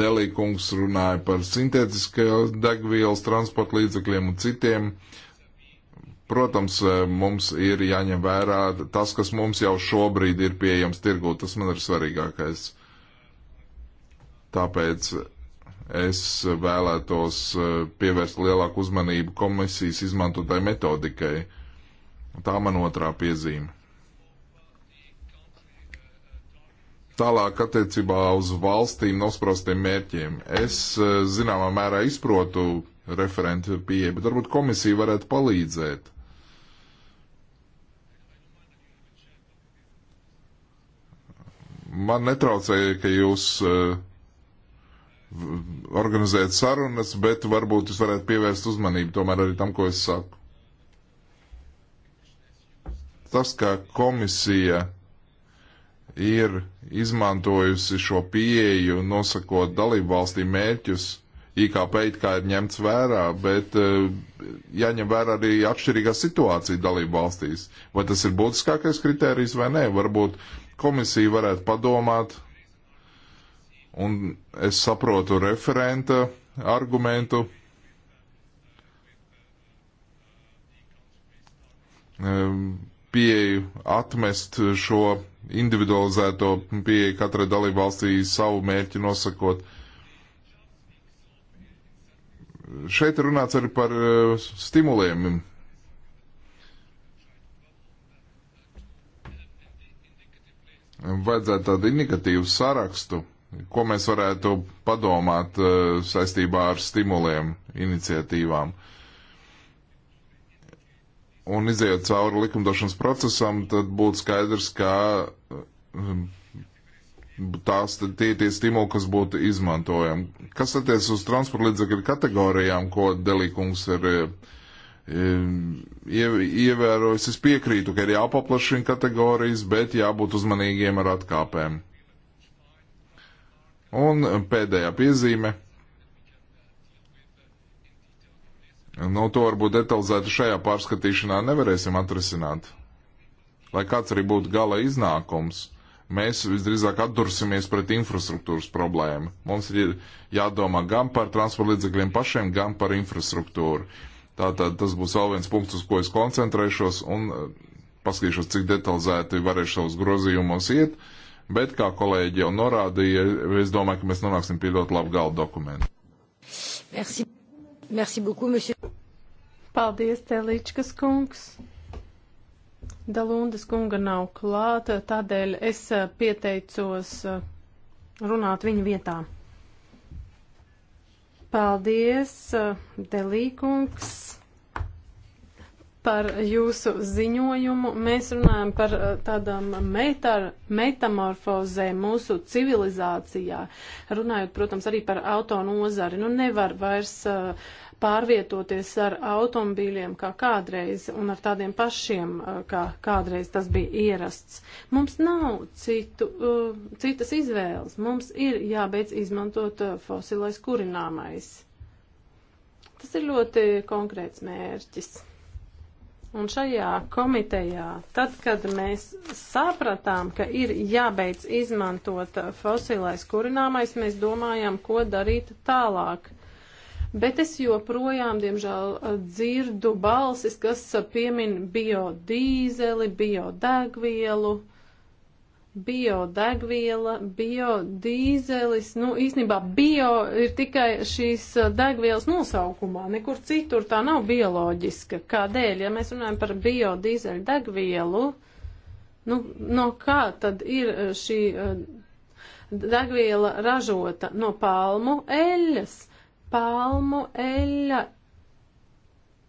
Delīkungs runāja par sintētiskajās degvielas transporta līdzekļiem un citiem. Protams, mums ir jāņem vērā tas, kas mums jau šobrīd ir pieejams tirgū, tas man ir svarīgākais. Tāpēc es vēlētos eh, pievērst lielāku uzmanību komisijas izmantotai metodikai Tā man otrā piezīme. Tālāk attiecībā uz valstīm nosprostiem mērķiem. Es eh, zināmā mērā izprotu referentu pieeja, bet varbūt komisija varētu palīdzēt. Man netraucēja, ka jūs eh, organizēt sarunas, bet varbūt jūs varētu pievērst uzmanību tomēr arī tam, ko es saku tas, ka komisija ir izmantojusi šo pieeju, nosakot dalību valstī mērķus, IKP it kā ir ņemts vērā, bet eh, jāņem vērā arī atšķirīgā situācija dalību valstīs. Vai tas ir būtiskākais kritērijs vai nē? Varbūt komisija varētu padomāt, un es saprotu referenta argumentu. Um, pieeju atmest šo individualizēto pieeju katrai dalībvalstī savu mērķi nosakot. Šeit runāts arī par eh, stimuliem. Vajadzētu tādu indikatīvu sarakstu, ko mēs varētu padomāt eh, saistībā ar stimuliem, iniciatīvām un izējot cauri likumdošanas procesam, tad būtu skaidrs, ka um, tās tie tie stimuli, kas būtu izmantojami. Kas attiec uz transporta līdzekļu kategorijām, ko Delīkungs ir um, ievērojis, es piekrītu, ka ir jāpaplašina kategorijas, bet jābūt uzmanīgiem ar atkāpēm. Un pēdējā piezīme. Nu, to varbūt detalizētu šajā pārskatīšanā nevarēsim atrisināt. Lai kāds arī būtu gala iznākums, mēs visdrīzāk atdursimies pret infrastruktūras problēmu. Mums ir jādomā gan par transporta līdzekļiem pašiem, gan par infrastruktūru. Tātad tas būs vēl viens punkts, uz ko es koncentrēšos un eh, paskatīšos, cik detalizēti varēšu savus grozījumos iet. Bet, kā kolēģi jau norādīja, es domāju, ka mēs nonāksim pie ļoti labu galdu dokumentu. Merci. Merci beaucoup, monsieur. Paldies, Teličkas kungs. Dalundas kunga nav klāta, tādēļ es eh, pieteicos eh, runāt viņa vietā. Paldies, eh, Delīkungs par jūsu ziņojumu. Mēs runājam par eh, tādām metar, metamorfozēm mūsu civilizācijā. Runājot, protams, arī par autonozari. Nu, nevar vairs uh, pārvietoties ar automobīļiem kā kādreiz un ar tādiem pašiem, eh, kā kādreiz tas bija ierasts. Mums nav citu, citas izvēles. Mums ir jābeidz izmantot fosilais kurināmais. Tas ir ļoti konkrēts mērķis. Un šajā komitejā, tad, kad mēs sapratām, ka ir jābeidz izmantot fosilais kurināmais, mēs domājām, ko darīt tālāk. Bet es joprojām, diemžēl, dzirdu balsis, kas piemin biodīzeli, biodegvielu. Uh, biodegviela, biodīzelis, nu īstenībā bio ir tikai šīs uh, degvielas nosaukumā, nekur citur tā nav bioloģiska. Kādēļ, ja mēs runājam par biodīzeļu degvielu, nu no kā tad ir uh, šī uh, degviela ražota? No palmu eļļas. Palmu eļļa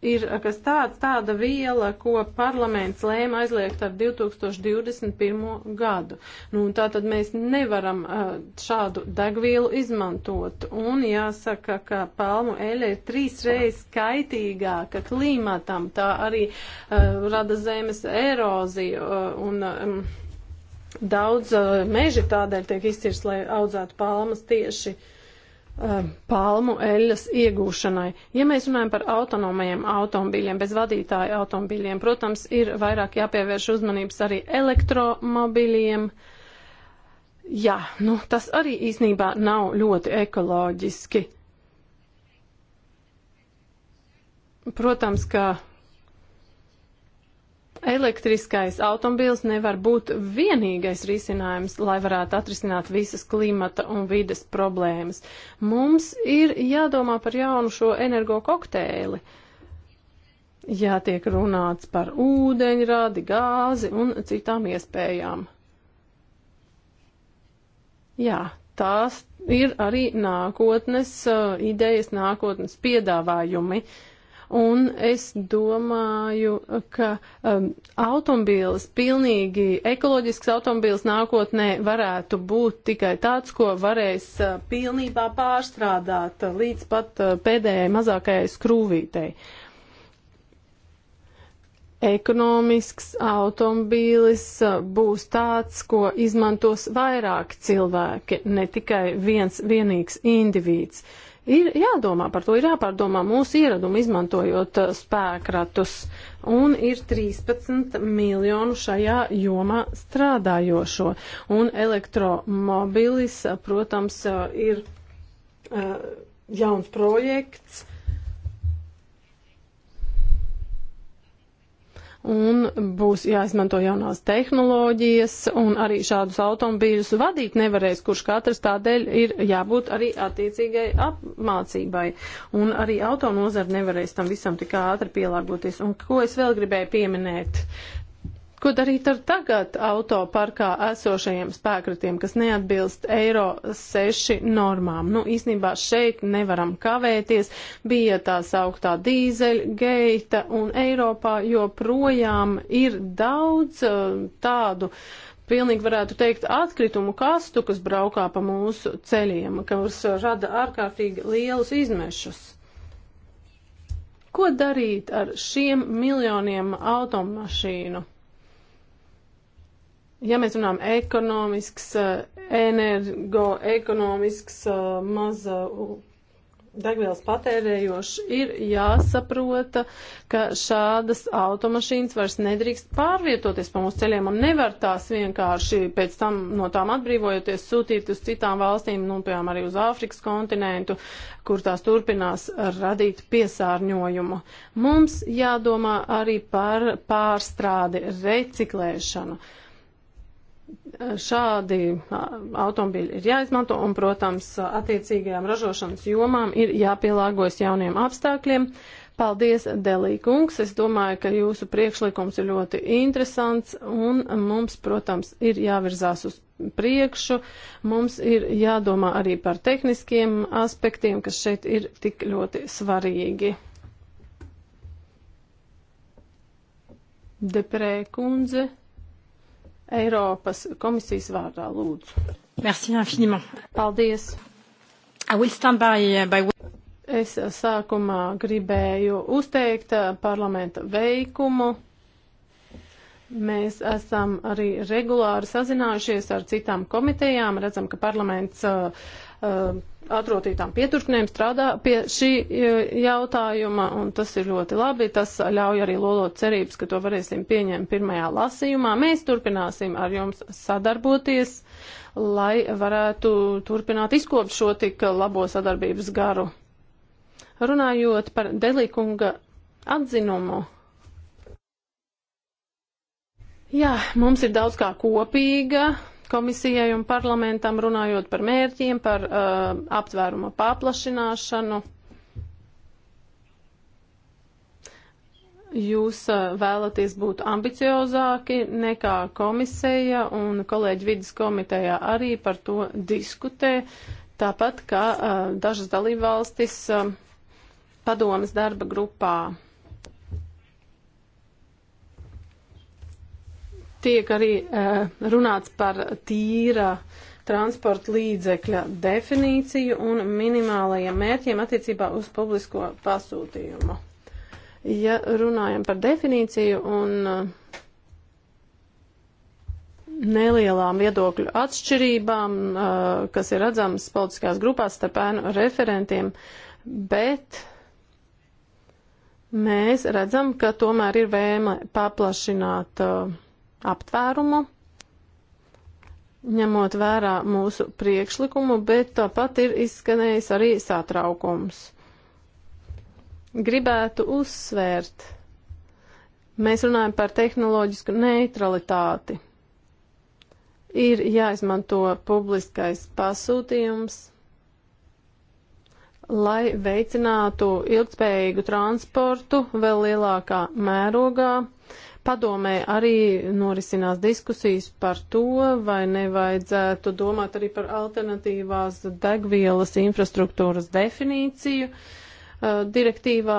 ir eh, kas tāds, tāda viela, ko parlaments lēma aizliegt ar 2021. gadu. Nu, tā tad mēs nevaram eh, šādu degvielu izmantot. Un jāsaka, ka palmu eļa ir trīs reizes kaitīgāka klimatam, tā arī uh, rada zemes eroziju. Uh, un, um, Daudz uh, meži tādēļ tiek izcirsts, lai audzētu palmas tieši uh, Um, palmu eļas iegūšanai. Ja mēs runājam par autonomajiem automobīļiem, bez vadītāja automobīļiem, protams, ir vairāk jāpievērš uzmanības arī elektromobīļiem. Jā, nu, tas arī īsnībā nav ļoti ekoloģiski. Protams, ka Elektriskais automobils nevar būt vienīgais risinājums, lai varētu atrisināt visas klimata un vides problēmas. Mums ir jādomā par jaunu šo energo kokteili. Jātiek runāts par ūdeņradi, gāzi un citām iespējām. Jā, tās ir arī nākotnes uh, idejas, nākotnes piedāvājumi. Uh, Un es domāju, ka um, automobīls, pilnīgi ekoloģisks automobīls nākotnē varētu būt tikai tāds, ko varēs uh, pilnībā pārstrādāt uh, līdz pat uh, pēdējai mazākajai skrūvītei. Ekonomisks automobīlis uh, būs tāds, ko izmantos vairāki cilvēki, ne tikai viens vienīgs indivīds. Uh, Ir jādomā par to, ir jāpārdomā mūsu ieradumu izmantojot uh, spēkratus. Un ir 13 miljonu šajā jomā strādājošo. Un elektromobilis, uh, protams, uh, ir jauns projekts un būs jāizmanto jaunās tehnoloģijas, un arī šādus automobīļus vadīt nevarēs, kurš katrs tādēļ ir jābūt arī attiecīgai apmācībai, un arī autonozara nevarēs tam visam tik ātri pielāgoties. Un ko es vēl gribēju pieminēt? Uh, Ko darīt ar tagad autoparkā esošajiem spēkratiem, kas neatbilst Eiro 6 normām? Nu, īsnībā šeit nevaram kavēties. Bija tā sauktā dīzeļgeita un Eiropā joprojām ir daudz uh, tādu pilnīgi varētu teikt atkritumu kastu, kas braukā pa mūsu ceļiem, kas rada ārkārtīgi lielus izmešus. Ko darīt ar šiem miljoniem automašīnu? ja mēs runājam ekonomisks, eh, energoekonomisks, eh, maza eh, degvielas patērējoši, ir jāsaprota, ka šādas automašīnas vairs nedrīkst pārvietoties pa mūsu ceļiem un nevar tās vienkārši pēc tam no tām atbrīvojoties sūtīt uz citām valstīm, nu, piemēram, arī uz Āfrikas kontinentu, kur tās turpinās radīt piesārņojumu. Mums jādomā arī par pārstrādi, reciklēšanu. Uh, Šādi automobīļi ir jāizmanto un, protams, attiecīgajām ražošanas jomām ir jāpielāgojas jauniem apstākļiem. Paldies, Delī kungs. Es domāju, ka jūsu priekšlikums ir ļoti interesants un mums, protams, ir jāvirzās uz priekšu. Mums ir jādomā arī par tehniskiem aspektiem, kas šeit ir tik ļoti svarīgi. Deprē kundze. Eiropas komisijas vārdā, lūdzu. Merci infiniment. Paldies. I will stand by, uh, by... Es uh, sākumā gribēju uzteikt uh, parlamenta veikumu. Mēs esam arī regulāri sazinājušies ar citām komitejām, redzam, ka parlaments uh, Um, atrotītām pieturknēm strādā pie šī e, jautājuma, un tas ir ļoti labi. Tas ļauj arī lolot cerības, ka to varēsim pieņemt pirmajā lasījumā. Mēs turpināsim ar jums sadarboties, lai varētu turpināt izkopt šo tik labo sadarbības garu. Runājot par Delikunga atzinumu. Jā, mums ir daudz kā kopīga, komisijai un parlamentam runājot par mērķiem, par uh, aptvēruma paplašināšanu. Jūs uh, vēlaties būt ambiciozāki nekā komisija un kolēģi vidas komitejā arī par to diskutē, tāpat kā uh, dažas dalībvalstis uh, padomas darba grupā. Tiek arī eh, runāts par tīra transporta līdzekļa definīciju un minimālajiem mērķiem attiecībā uz publisko pasūtījumu. Ja runājam par definīciju un eh, nelielām viedokļu atšķirībām, eh, kas ir redzamas politiskās grupās starp ēnu referentiem, bet mēs redzam, ka tomēr ir vēma paplašināt uh, aptvērumu, ņemot vērā mūsu priekšlikumu, bet tāpat ir izskanējis arī satraukums. Gribētu uzsvērt, mēs runājam par tehnoloģisku neutralitāti. Ir jāizmanto publiskais pasūtījums, lai veicinātu ilgspējīgu transportu vēl lielākā mērogā. Uh, Padomē arī norisinās diskusijas par to, vai nevajadzētu domāt arī par alternatīvās degvielas infrastruktūras definīciju uh, direktīvā.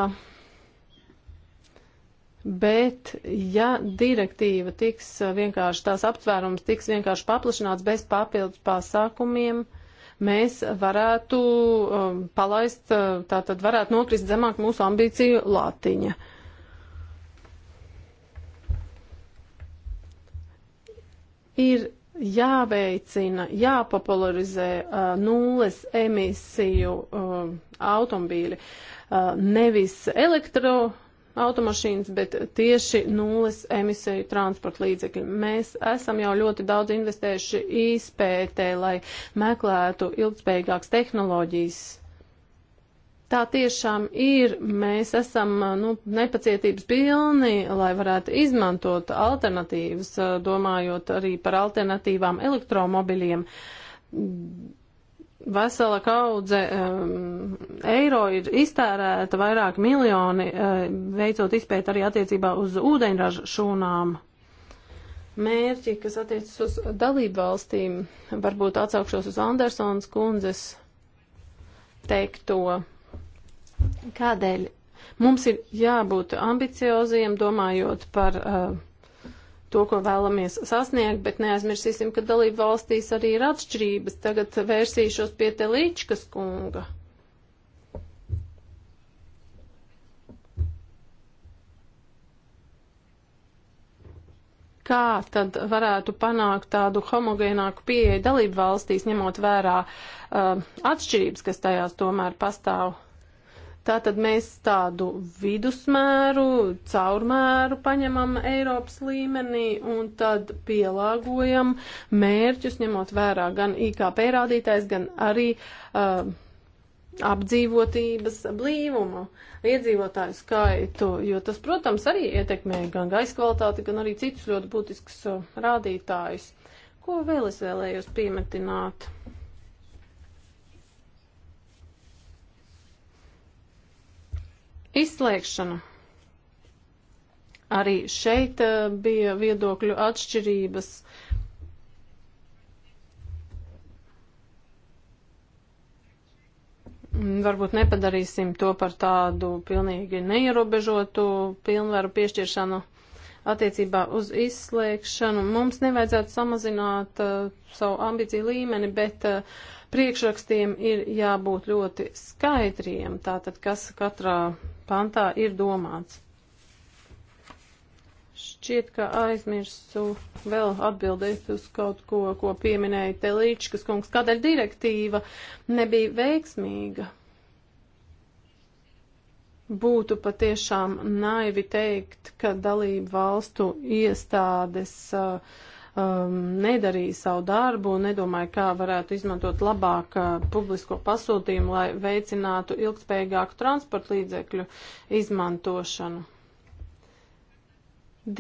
Bet, ja direktīva tiks uh, vienkārši, tās aptvērums tiks vienkārši paplašināts bez papildus pasākumiem, mēs varētu um, palaist, uh, tā tad varētu nokrist zemāk mūsu ambīciju lātiņa. Uh, ir jāveicina, jāpopularizē uh, nulles emisiju uh, automobīļi, uh, nevis elektro automašīnas, bet tieši nulles emisiju transporta līdzekļi. Mēs esam jau ļoti daudz investējuši izpētē, lai meklētu ilgspējīgākas tehnoloģijas Tā tiešām ir. Mēs esam nu, nepacietības pilni, lai varētu izmantot alternatīvas, domājot arī par alternatīvām elektromobiļiem vesela kaudze um, eiro ir iztērēta, vairāk miljoni, uh, veicot izpēt arī attiecībā uz ūdeņraža šūnām. Mērķi, kas attiecas uz dalību valstīm, varbūt atsaukšos uz Andersons kundzes teikto Kādēļ? Mums ir jābūt ambicioziem, domājot par uh, to, ko vēlamies sasniegt, bet neaizmirsīsim, ka dalību valstīs arī ir atšķirības. Tagad vērsīšos pie Telīčkas kunga. kā tad varētu panākt tādu homogēnāku pieeju dalību valstīs, ņemot vērā uh, atšķirības, kas tajās tomēr pastāv. Tātad mēs tādu vidusmēru, caurmēru paņemam Eiropas līmenī un tad pielāgojam mērķus, ņemot vērā gan IKP rādītājs, gan arī uh, apdzīvotības blīvumu, iedzīvotāju skaitu, jo tas, protams, arī ietekmē gan gaisa kvalitāti, gan arī citus ļoti būtiskus uh, rādītājus. Ko vēl es vēlējos piemetināt? Izslēgšana. Arī šeit eh, bija viedokļu atšķirības. Varbūt nepadarīsim to par tādu pilnīgi neierobežotu pilnvaru piešķiršanu attiecībā uz izslēgšanu. Mums nevajadzētu samazināt uh, savu ambīciju līmeni, bet uh, priekšrakstiem ir jābūt ļoti skaidriem. Tātad, kas katrā pantā ir domāts. Šķiet, ka aizmirsu vēl atbildēt uz kaut ko, ko pieminēja Telīčkas kungs. Kādēļ direktīva nebija veiksmīga? Būtu patiešām naivi teikt, ka dalību valstu iestādes uh, um, nedarīja savu darbu un nedomāja, kā varētu izmantot labāk uh, publisko pasūtījumu, lai veicinātu ilgspējīgāku transporta līdzekļu izmantošanu.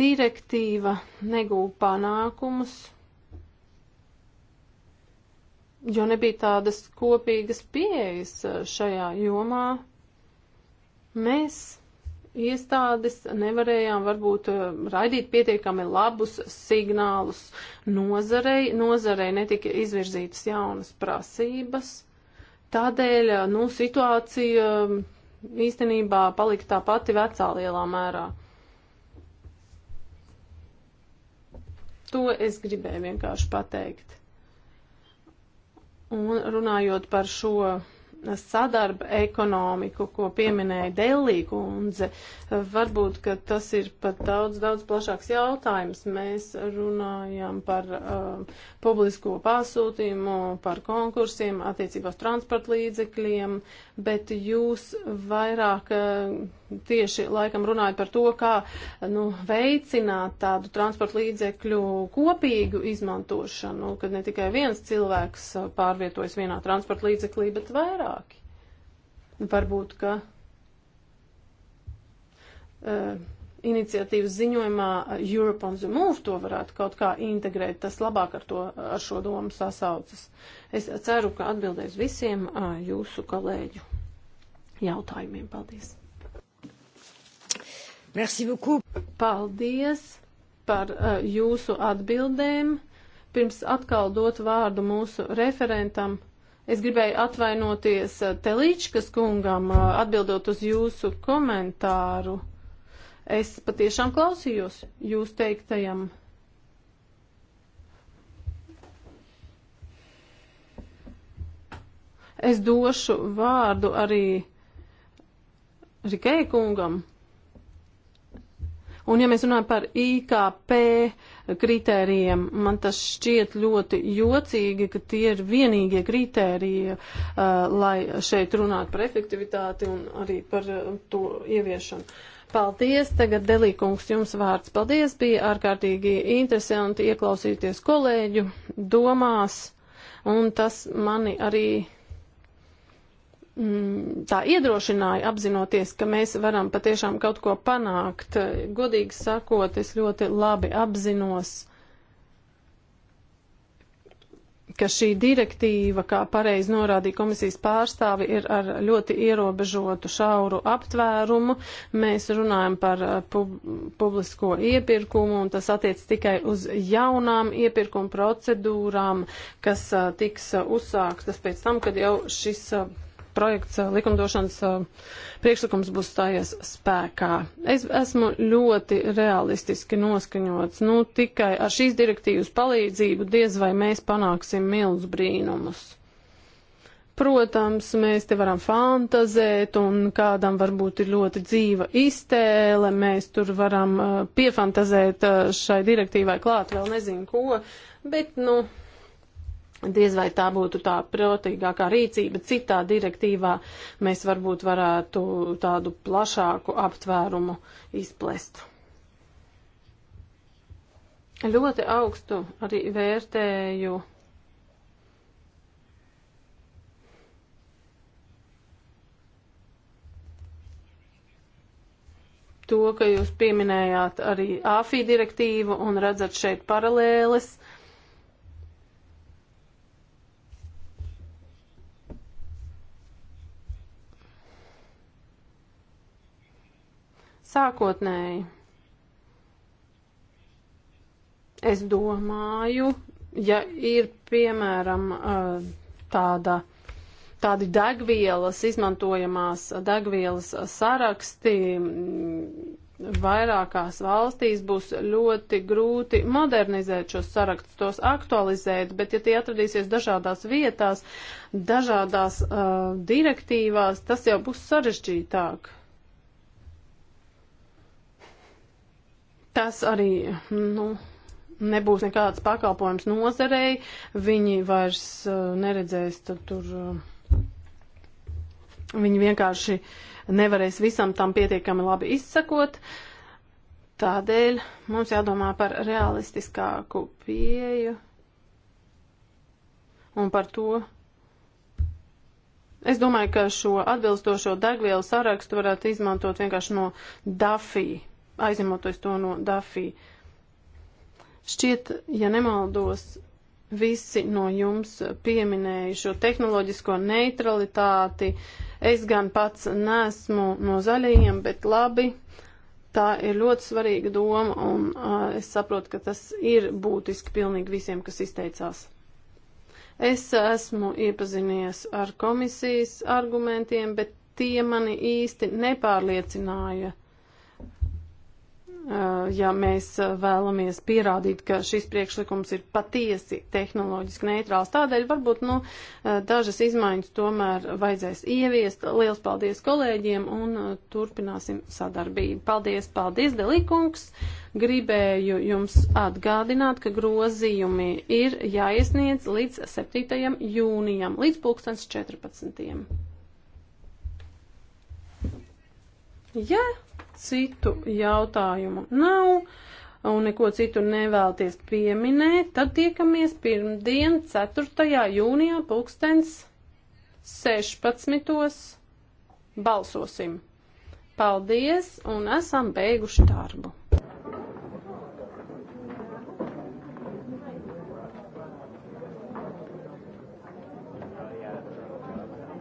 Direktīva negūp panākumus, jo nebija tādas kopīgas pieejas uh, šajā jomā. Mēs iestādes nevarējām varbūt eh, raidīt pietiekami labus signālus nozarei. Nozarei netika izvirzītas jaunas prasības. Tādēļ eh, nu, situācija mm, īstenībā palika tā pati vecā lielā mērā. To es gribēju vienkārši pateikt. Un runājot par šo sadarba ekonomiku, ko pieminēja Delī kundze. Varbūt, ka tas ir pat daudz, daudz plašāks jautājums. Mēs runājam par uh, publisko pasūtījumu, par konkursiem, attiecībās transporta līdzekļiem, bet jūs vairāk. Uh, tieši laikam runāja par to, kā nu, veicināt tādu transporta līdzekļu kopīgu izmantošanu, kad ne tikai viens cilvēks pārvietojas vienā transporta līdzeklī, bet vairāki. Varbūt, ka uh, iniciatīvas ziņojumā Europe on the Move to varētu kaut kā integrēt, tas labāk ar, to, ar šo domu sasaucas. Es ceru, ka atbildēs visiem uh, jūsu kolēģu jautājumiem. Paldies! Merci beaucoup. Paldies par uh, jūsu atbildēm. Pirms atkal dot vārdu mūsu referentam, es gribēju atvainoties uh, Telīčkas kungam, uh, atbildot uz jūsu komentāru. Es patiešām klausījos jūs teiktajam. Es došu vārdu arī Rikēja kungam. Un ja mēs runājam par IKP kritērijiem, man tas šķiet ļoti jocīgi, ka tie ir vienīgie kritēriji, uh, lai šeit runātu par efektivitāti un arī par uh, to ieviešanu. Paldies, tagad Delīkungs jums vārds. Paldies, bija ārkārtīgi interesanti ieklausīties kolēģu domās, un tas mani arī Mm, tā iedrošināja apzinoties, ka mēs varam patiešām kaut ko panākt. Godīgi sakot, es ļoti labi apzinos, ka šī direktīva, kā pareizi norādīja komisijas pārstāvi, ir ar ļoti ierobežotu šauru aptvērumu. Mēs runājam par uh, pub publisko iepirkumu, un tas attiec tikai uz jaunām iepirkuma procedūrām, kas uh, tiks uh, uzsāktas pēc tam, kad jau šis projekts, likumdošanas priekšlikums būs stājies spēkā. Es esmu ļoti realistiski noskaņots. Nu, tikai ar šīs direktīvas palīdzību diez vai mēs panāksim milz brīnumus. Protams, mēs te varam fantazēt, un kādam varbūt ir ļoti dzīva iztēle, mēs tur varam uh, piefantazēt uh, šai direktīvai klāt vēl nezinu ko, bet, nu, Diez vai tā būtu tā protīgākā rīcība. Citā direktīvā mēs varbūt varētu tādu plašāku aptvērumu izplest. Ļoti augstu arī vērtēju to, ka jūs pieminējāt arī AFI direktīvu un redzat šeit paralēles. Uh, Sākotnēji es domāju, ja ir piemēram uh, tāda tādi degvielas, izmantojamās degvielas saraksti mm, vairākās valstīs būs ļoti grūti modernizēt šos sarakstus, tos aktualizēt, bet ja tie atradīsies dažādās vietās, dažādās uh, direktīvās, tas jau būs sarežģītāk. Tas arī, nu, nebūs nekāds pakalpojums nozarei, viņi vairs uh, neredzēs tur, uh, viņi vienkārši nevarēs visam tam pietiekami labi izsakot. Tādēļ mums jādomā par realistiskāku pieju un par to. Es domāju, ka šo atbilstošo degvielu sarakstu varētu izmantot vienkārši no DAFI aizņemoties to no Dafī. Šķiet, ja nemaldos, visi no jums pieminēja šo tehnoloģisko neutralitāti. Es gan pats nesmu no zaļajiem, bet labi, tā ir ļoti svarīga doma, un uh, es saprotu, ka tas ir būtiski pilnīgi visiem, kas izteicās. Es esmu iepazinies ar komisijas argumentiem, bet tie mani īsti nepārliecināja. Uh, Eh, ja mēs eh, vēlamies pierādīt, ka šis priekšlikums ir patiesi tehnoloģiski neitrāls. Tādēļ varbūt nu, eh, dažas izmaiņas tomēr vajadzēs ieviest. Liels paldies kolēģiem un turpināsim sadarbību. Paldies, paldies, Delikungs! Gribēju jums atgādināt, ka grozījumi ir jāiesniedz līdz 7. jūnijam, līdz 2014. Jā, yeah citu jautājumu nav un neko citu nevēlties pieminēt, tad tiekamies pirmdien 4. jūnijā pulkstens 16. balsosim. Paldies un esam beiguši darbu.